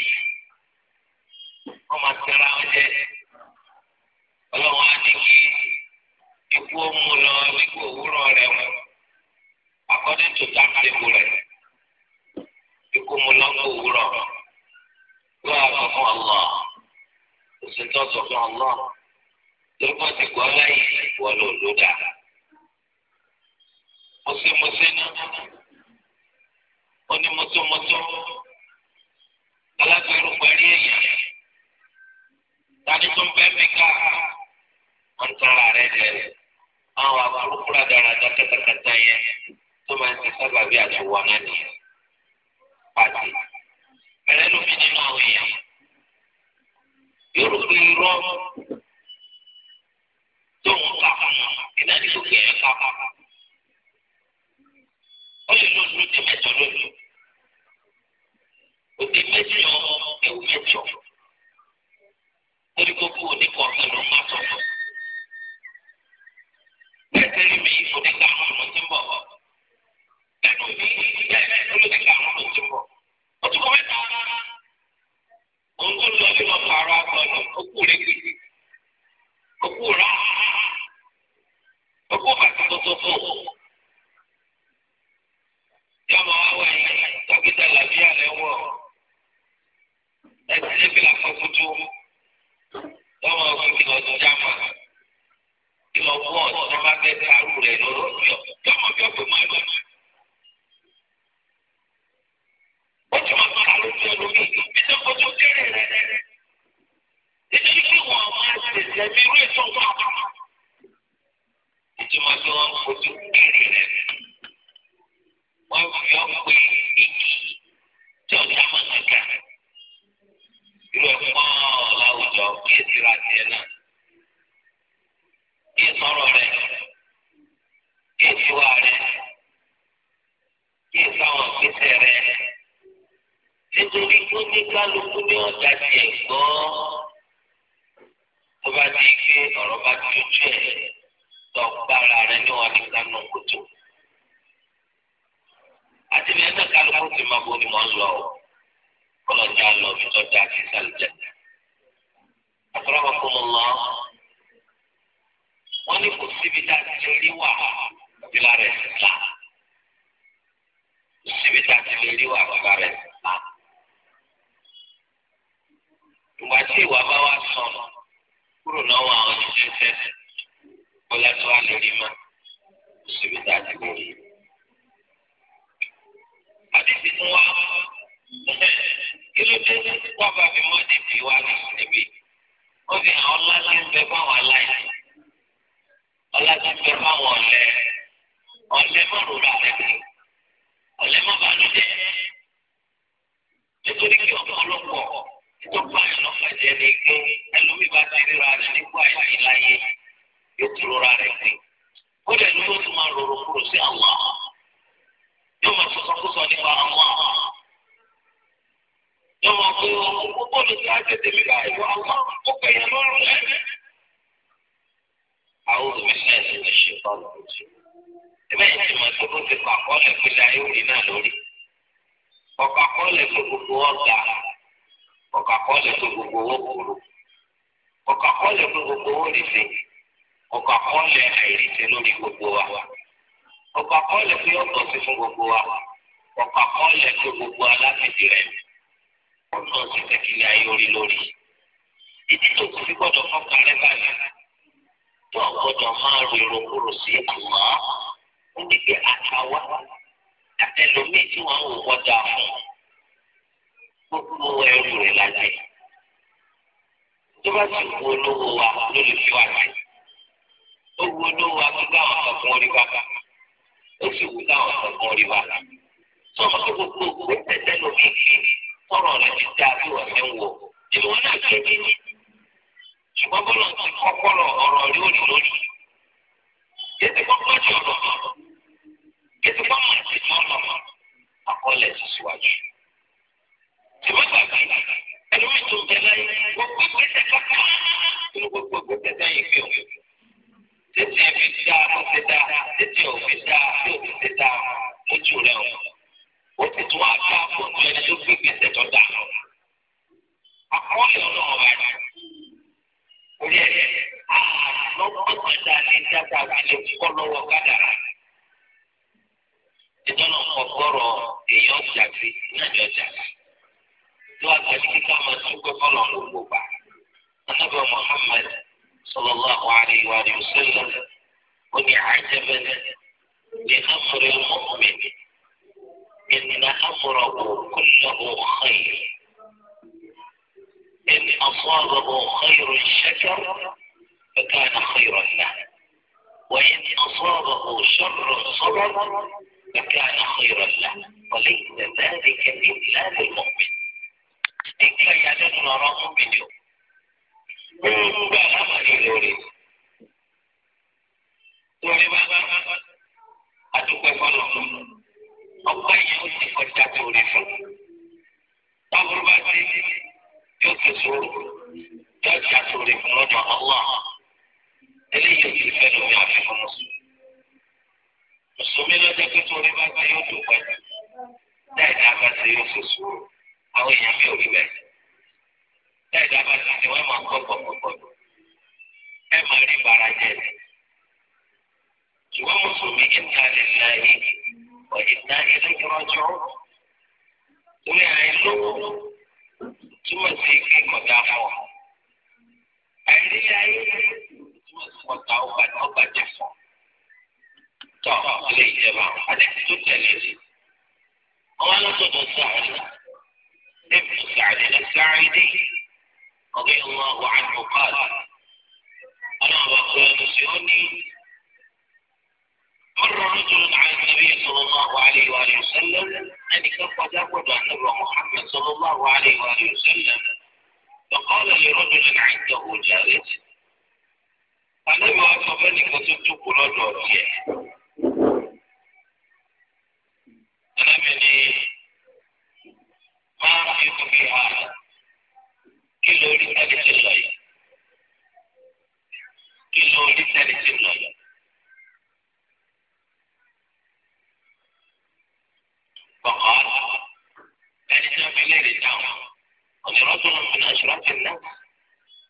gbowó lè ṣe ọkọ̀ àkọọ́lẹ̀ àìríṣe lórí gbogbo wa ọkọ̀ àkọọ́lẹ̀ pé ọ̀tọ̀ sí fún gbogbo wa ọkọ̀ àkọọ́lẹ̀ pé gbogbo aláfẹ̀dì rẹ̀ ọ̀tọ̀ sí tẹ̀kílẹ̀ ayé lórí ìdí tó kù sí gbọ́dọ̀ fọ́kàn rẹ̀ báyìí tó ọ̀gbọ́dọ̀ máa ro ìrokúrò sí àmọ́ ó ní àtẹlómi tí wọ́n ń wọ́dà fún gbogbo ẹrù rẹ̀ lájẹ́ tó bá sì wo olówó wa ló lè fi wá sí ó wo olówó wa tó dáhùn ọ̀sán orí bá ó sì wò dáhùn ọ̀sán orí bá tó tó gbogbo ló fi fi bí ń wò ìwọ náà ní ṣùgbọ́n bọ́lá ti kọ́kọ́rọ̀ ọ̀rọ̀ lórí yẹtí kọ́kọ́ ti ọ̀rọ̀ yẹtí ti ọ̀rọ̀ akọ́lẹ̀ ti ẹlòmíì tó jẹ láyé gbogbo gbèsè kọkọ nínú gbogbo gbèsè láyé fi ọ tètè ẹ fi dá ọ fi dá tètè ọ fi dá tí ò fi ti dá ojú rẹ ọ ó ti tún wá dá fóònù ẹni tó gbé gbèsè tó dá àkọọ́lẹ̀ ọlọ́run ọba rẹ orí ẹ àlọ́gbọ́n padà ní dáta wílé kọ́ lọ́wọ́ kádàrá ìtọ́nà ọgọ́rọ̀ èèyàn ọjà sí náà ọjà sí. yóò àgbàdì kíkà máa dúpẹ́ fọlọ́ gbogbo gbà. anábẹ́ muhammed sallallahu alayhi wa sallam ó ní àjẹbẹ́lẹ́ ní amúre mọ́mìn إن أمره كله خير إن أصابه خير شكر فكان خيرا له وإن أصابه شر صبر فكان خيرا له وليس ذلك إلا للمؤمن nígbà ìyàlẹ́nu lọ́rọ́ mú mi ni o gbogbo àlámàlì lórí lórí bàbá àdúgbò fọlọ ọgbà yẹn ó sì kọjá lórí fún táwọn bá dé yóò fi sòrò yóò fún lọ́dọ̀ ọlọ́ eléyìí ò fẹ́ lómi àfikún mùsùlùmí lọ́jọ́ pé torí bá dé yóò dùn pẹ̀lú dáìdá bá ṣe yóò fi àwọn èèyàn mi ò rí bẹ́ẹ̀ bẹ́ẹ̀ dábà sí ni wọ́n máa kọ́ pọ̀pọ̀pọ̀ ẹ máa rí bàrà jẹ ṣùgbọ́n mùsùlùmí ìta lè la yìí ọ̀yìnbá ilé ìrọ̀jọ́ orí àìlówó túmọ̀ sí ike kọ̀dá fún ọ àìrí ayé túmọ̀ sí kọ̀dá ọgbà jẹ fún ọ tọ́ ilé ìjẹba àti tó tẹ̀lé sí wọn lọ́sọ̀tọ̀ sí àwọn ìlànà. ابن سعد الساعدي رضي الله عنه قال أنا وأخوان سيوني مر رجل على النبي صلى الله عليه وآله وسلم أن كفى داود أن محمد صلى الله عليه وآله وسلم فقال لرجل عنده جالس أنا وأخوان كنت تقول رجل fi hàn án kí ló rí sẹ́ni tí ń فقال أنا في إليه الدعوة ورجل من أشراف الناس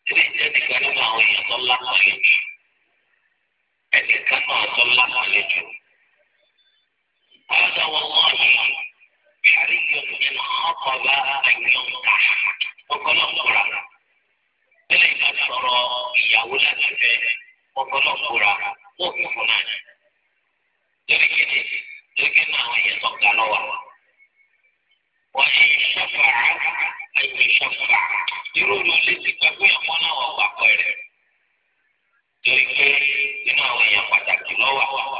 تريد ذلك لما هو ويمشي أن كان ما طلع ويمشي هذا والله حري من خطبها أن ينكح ọ̀pọ̀lọpọ̀ rà tẹ́lẹ̀ ìgbà sọ̀rọ̀ ìyàwó láti fẹ́ ọ̀pọ̀lọpọ̀ rà wọ́n kún fún náà lórí kí ni lórí kí ni àwọn èèyàn tó ga lọ́wọ́ wa. wọ́n yẹ ìṣọ́fà àyè ìṣọ́fà irú ló lé sí pẹ̀lú ẹ̀kọ́ náà wọ́n gbà pẹ̀rẹ̀ lórí kí nínú àwọn èèyàn pàtàkì lọ́wọ́ wa.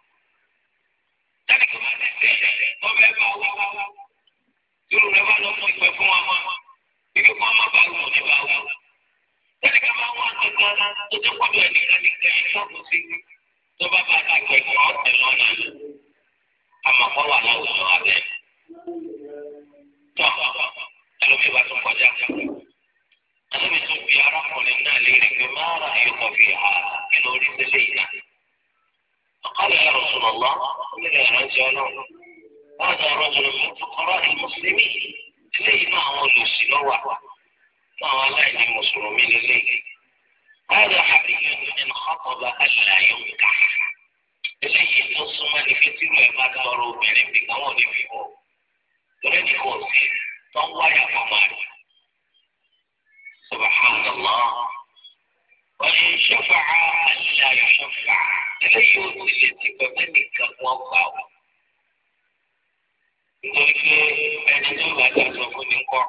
tó bá ti ṣẹlẹ̀ wọ́n fẹ́ bá wá wá wá. irú rẹ̀ wá lọ mú ìpè fún wa wá ibi kan má bàa wù ní bá wá. wọ́n ní ká máa wá kankan tó tó pọ̀ bẹ́ẹ̀ nìkan nìkan ẹ̀ sọ́kù sí tó bá bá ta kẹ̀kẹ́ ọ̀tẹ̀ lọ́nà àmọ̀kọ́ wà láwùjọ abẹ́. tọ́ ẹlòmí wa tó kọjá. ẹlòmí tó fi arákùnrin náà léèrè pé má ra ẹ̀yọkọ̀ fi hà kí lórí sílé ìlànà. قال يا رسول الله من الرجل هذا رجل من فقراء المسلمين إليه ما هو لسلوة ما هو لا المسلمين إليه هذا حري إن خطب ألا ينكح إليه تصمى لفتر وإبادة وروبين بكوان فيه تريد كوزين تنوى يا فماري سبحان الله وإن شفع ألا يشفع eléyìí ó ti lè ti pẹpẹ nìkan wọn gbà ó. nítorí pé ẹni tó bá dá sọ fún mi kọ́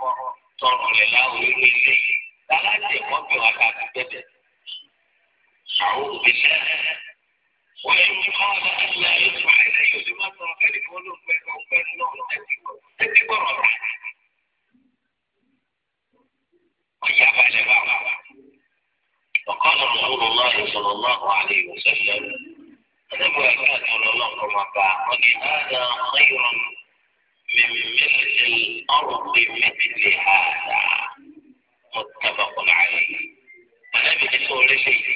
tọrùn rẹ̀ láwọn irú ilé yìí lálàjẹ wọn bí wọn ti bẹ̀bẹ̀. àwọn òbí náà wọ́n yẹ kí wọ́n lọ sí ilé ayé tó àìlè yìí ojú máa tọrọ fẹ́ẹ́ nìkan ló ń pẹ́ ló ń pẹ́ náà ẹtì kọ́ ẹtì kọ́ rọ̀ rà. ọ̀yá balẹ̀ bá wà wà. وقال رسول الله صلى الله عليه وسلم نبوة كاتب الله ربا ولهذا خير من ملء الأرض مثل هذا متفق عليه أنا بنسول شيء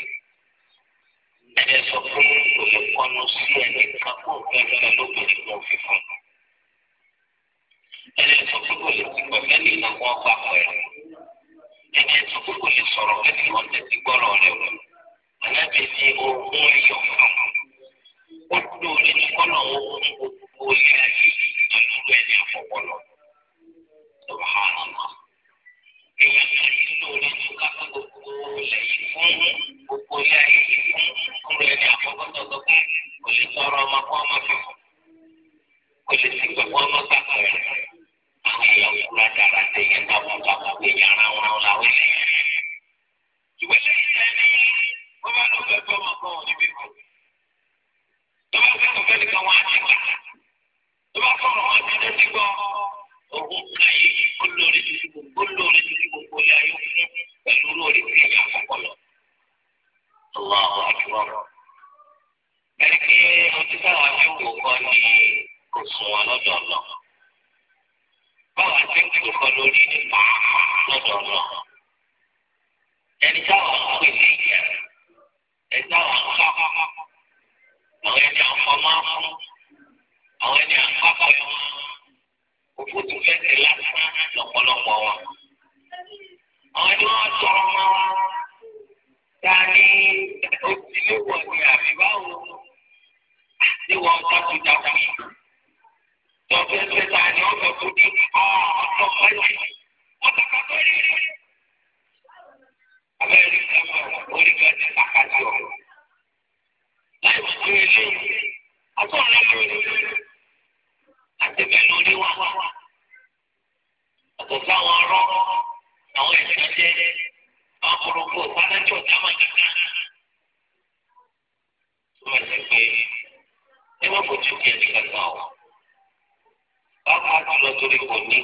lọ torí kò ní.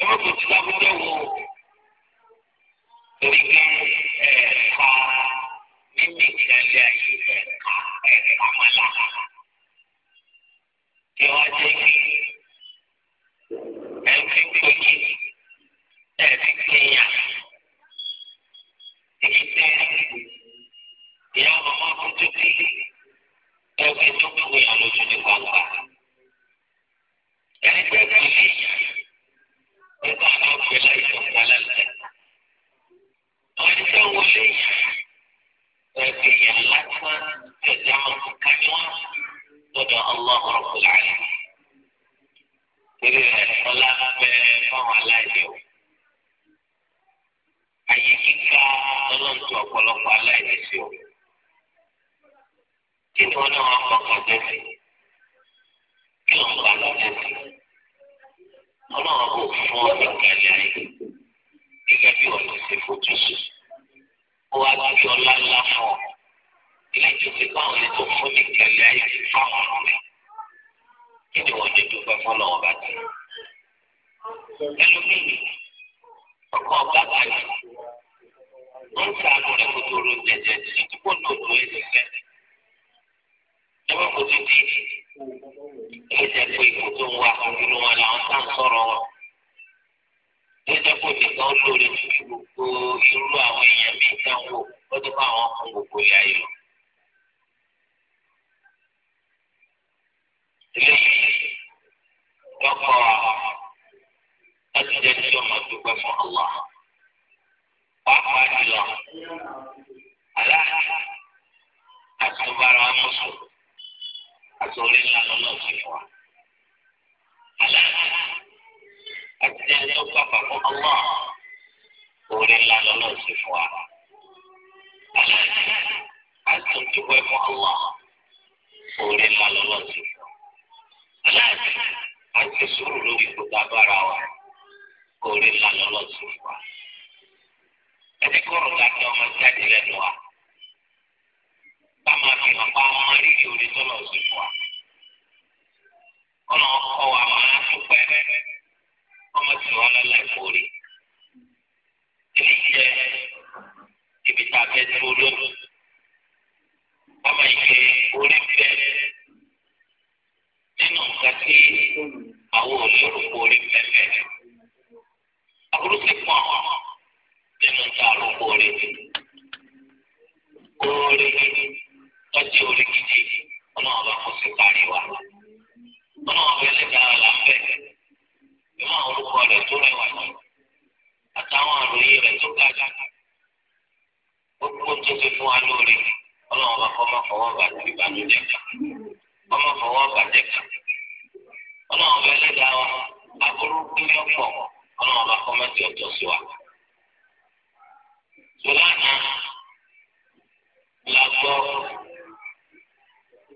ẹ má kò ti lábúlé wo torí pé ẹ̀ka mímì ìdálẹ́ ayé ẹ̀ka ẹ̀ka mọ́lá. kí wọ́n jẹ́ kí ẹ fi pè kí ẹ fi pè yàn. èyí tẹ́ ìyá màmá kò tó kí ẹ fi tó kú ìyàn lójú ní gbangba ẹni tó bí ẹ̀yà nígbà tó pè láyé ọ̀pọ̀ lẹ́sẹ̀. Ọ̀rẹ́ tó wọlé yà ẹ̀sìn yẹn lásán ẹ̀dá ọ̀hún kájọ́ lọ́dọ̀ ọlọ́run ọ̀pọ̀ láyé. Torí rẹ̀ ọlá bẹ́ẹ̀ fáwọn aláìlẹ̀ o. Àyè kíkà ọlọ́run ọ̀pọ̀lọpọ̀ aláìlẹ̀ sí o. Kí ni wọ́n náà wọ́n kọ̀ọ̀kan tẹ̀sí? Kí ló bá lọ tẹ̀sí? ọlọ́run kò fún ọ nìkan ní ayé gẹ́gẹ́ bí ọ̀nà ṣe fojú sùn ó wá wá fi ọlá ńlá fún ọ ilé ìjọba báwọn lè tó fún nìkan ní ayé ti fáwọn ọ̀rẹ́ kí ni wọ́n lè dúpẹ́ fún ọlọ́run bá ti ẹlòmíì ọkọ ọba bàjẹ́ wọ́n ń sàánú rẹ̀ kó tó ro jẹjẹ títí kó lòdù ẹ̀sìn lẹ́nu ẹ̀mí kò ti di ẹ̀jẹ̀ pé ipò tó ń wá inú wọn làwọn tá à ń sọ̀rọ̀ wọn. ẹ̀jẹ̀ pé nìkan lórí gbogbo irú àwọn èèyàn míì tán lọ́dún bá àwọn kan gbogbo ilé ayé lọ. eléyìí lọ́kọ̀ láti jẹ́ tí ọmọ dúpẹ́ fún Allah pàápàá jùlọ aláàbò àti àti orí ńlá lọ́nà òfin wa. Àlàyé àti ẹni tó gbà pàpọ̀ ọlọ́ orí ńlá lọ́nà òfin fún wa. Àlàyé àti ojúbọ ẹ̀fọ́ ọlọ́ orí ńlá lọ́nà òfin fún wa. Àlàyé àti sùúrù lórí gbogbo agbára wa orí ńlá lọ́nà òfin fún wa. Ẹni kọ́rọ̀ dáadáa ọmọ jáde lẹ́nu wa máa fi hàn pa ọmọ rírì orí tó lọ sí fún wa. ọ̀nà ọkọ wa máa dúpẹ́ ọmọ tí wọ́n lọ́la ìkórè. ilé jẹ́ ibi tá a fẹ́ tó lónìí. ọmọ ìpè orí bẹ nínú nǹkan tí àwọn olórúkọ orí bẹ bẹ. àbúrò ti pọ̀ nínú tá a rò kórè. kórè. lọ́jọ́ orí gidi ọlọ́run bá kó sí parí wa ọlọ́run ẹlẹ́dàá là ìmọ̀ orúkọ rẹ̀ tó rẹwà ní àtàwọn àròyìn rẹ̀ tó ga dáadáa gbogbo tó ti fún wa kọ́ máa fọwọ́ ìbànújẹ́ kan kọ́ máa fọwọ́ kan ẹlẹ́dàá wa aburú kọ́ máa ti ọ̀tọ̀ sí wa. Sọlá náà la gbọ́.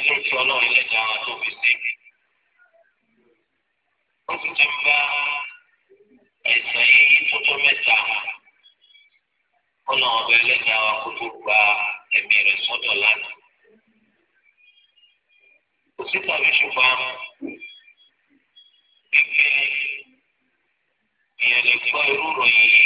ilé tí ọlọ́run ẹlẹ́dàá wa tó fi sí. ó sì ti bá ẹ̀sẹ̀ yìí tó tó mẹ́ta ọlọ́run ọba ẹlẹ́dàá wa kó tó gba ẹ̀mí rẹ̀ sọ́dọ̀ lánàá. kò sí tàbí ṣùgbọ́n pípé èèyàn lè gbọ́ irú ìròyìn yìí.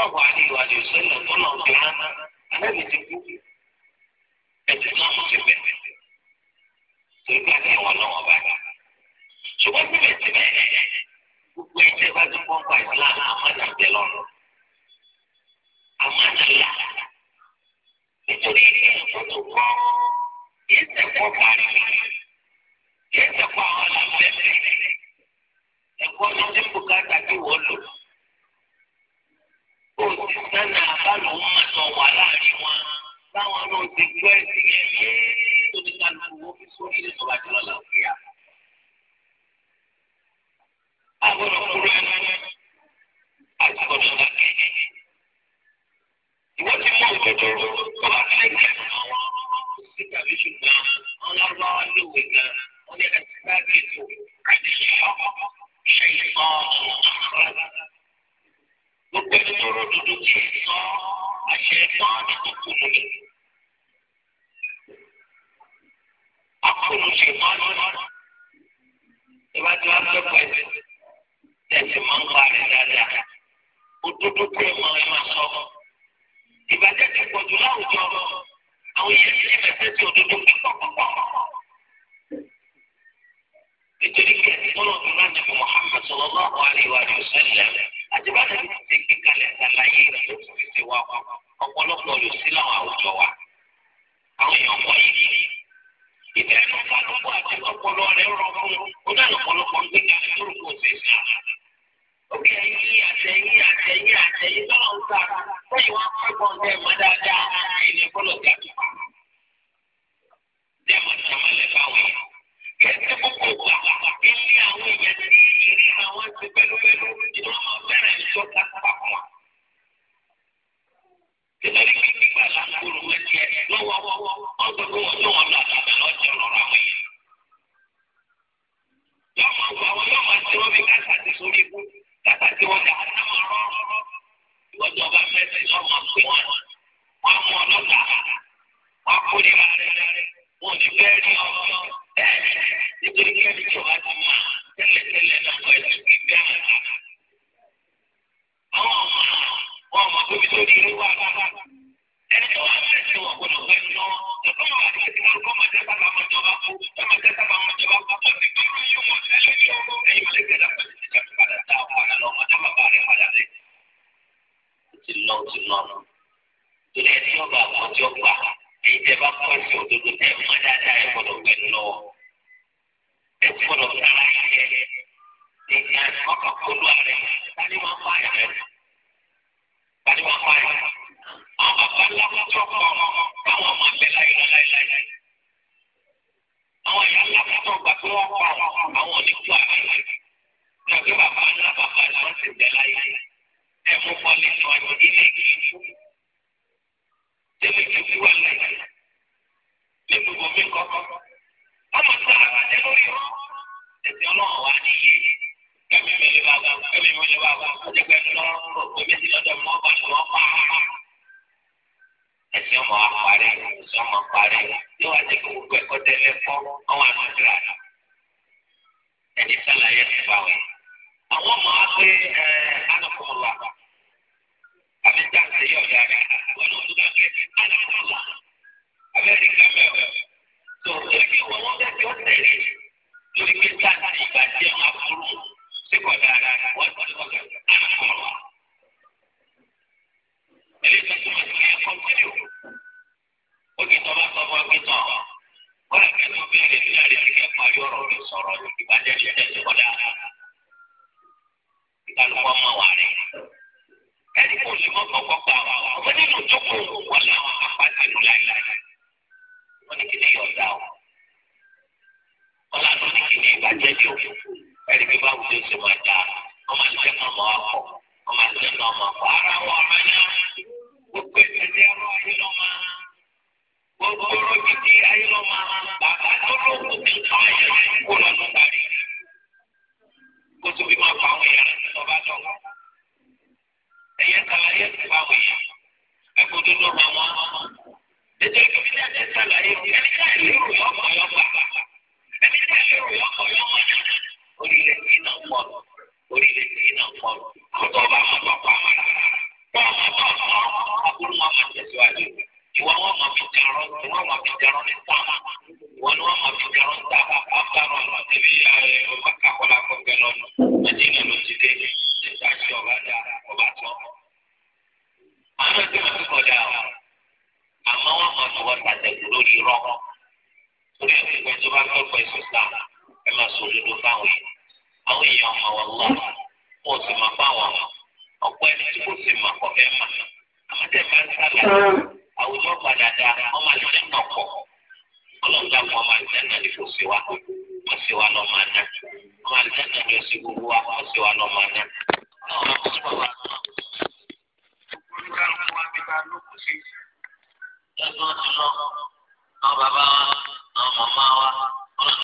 sallallahu alaihi wa sallam tó náà fi rán anábì ti kú mọ̀ dáadáa. 没有这样的。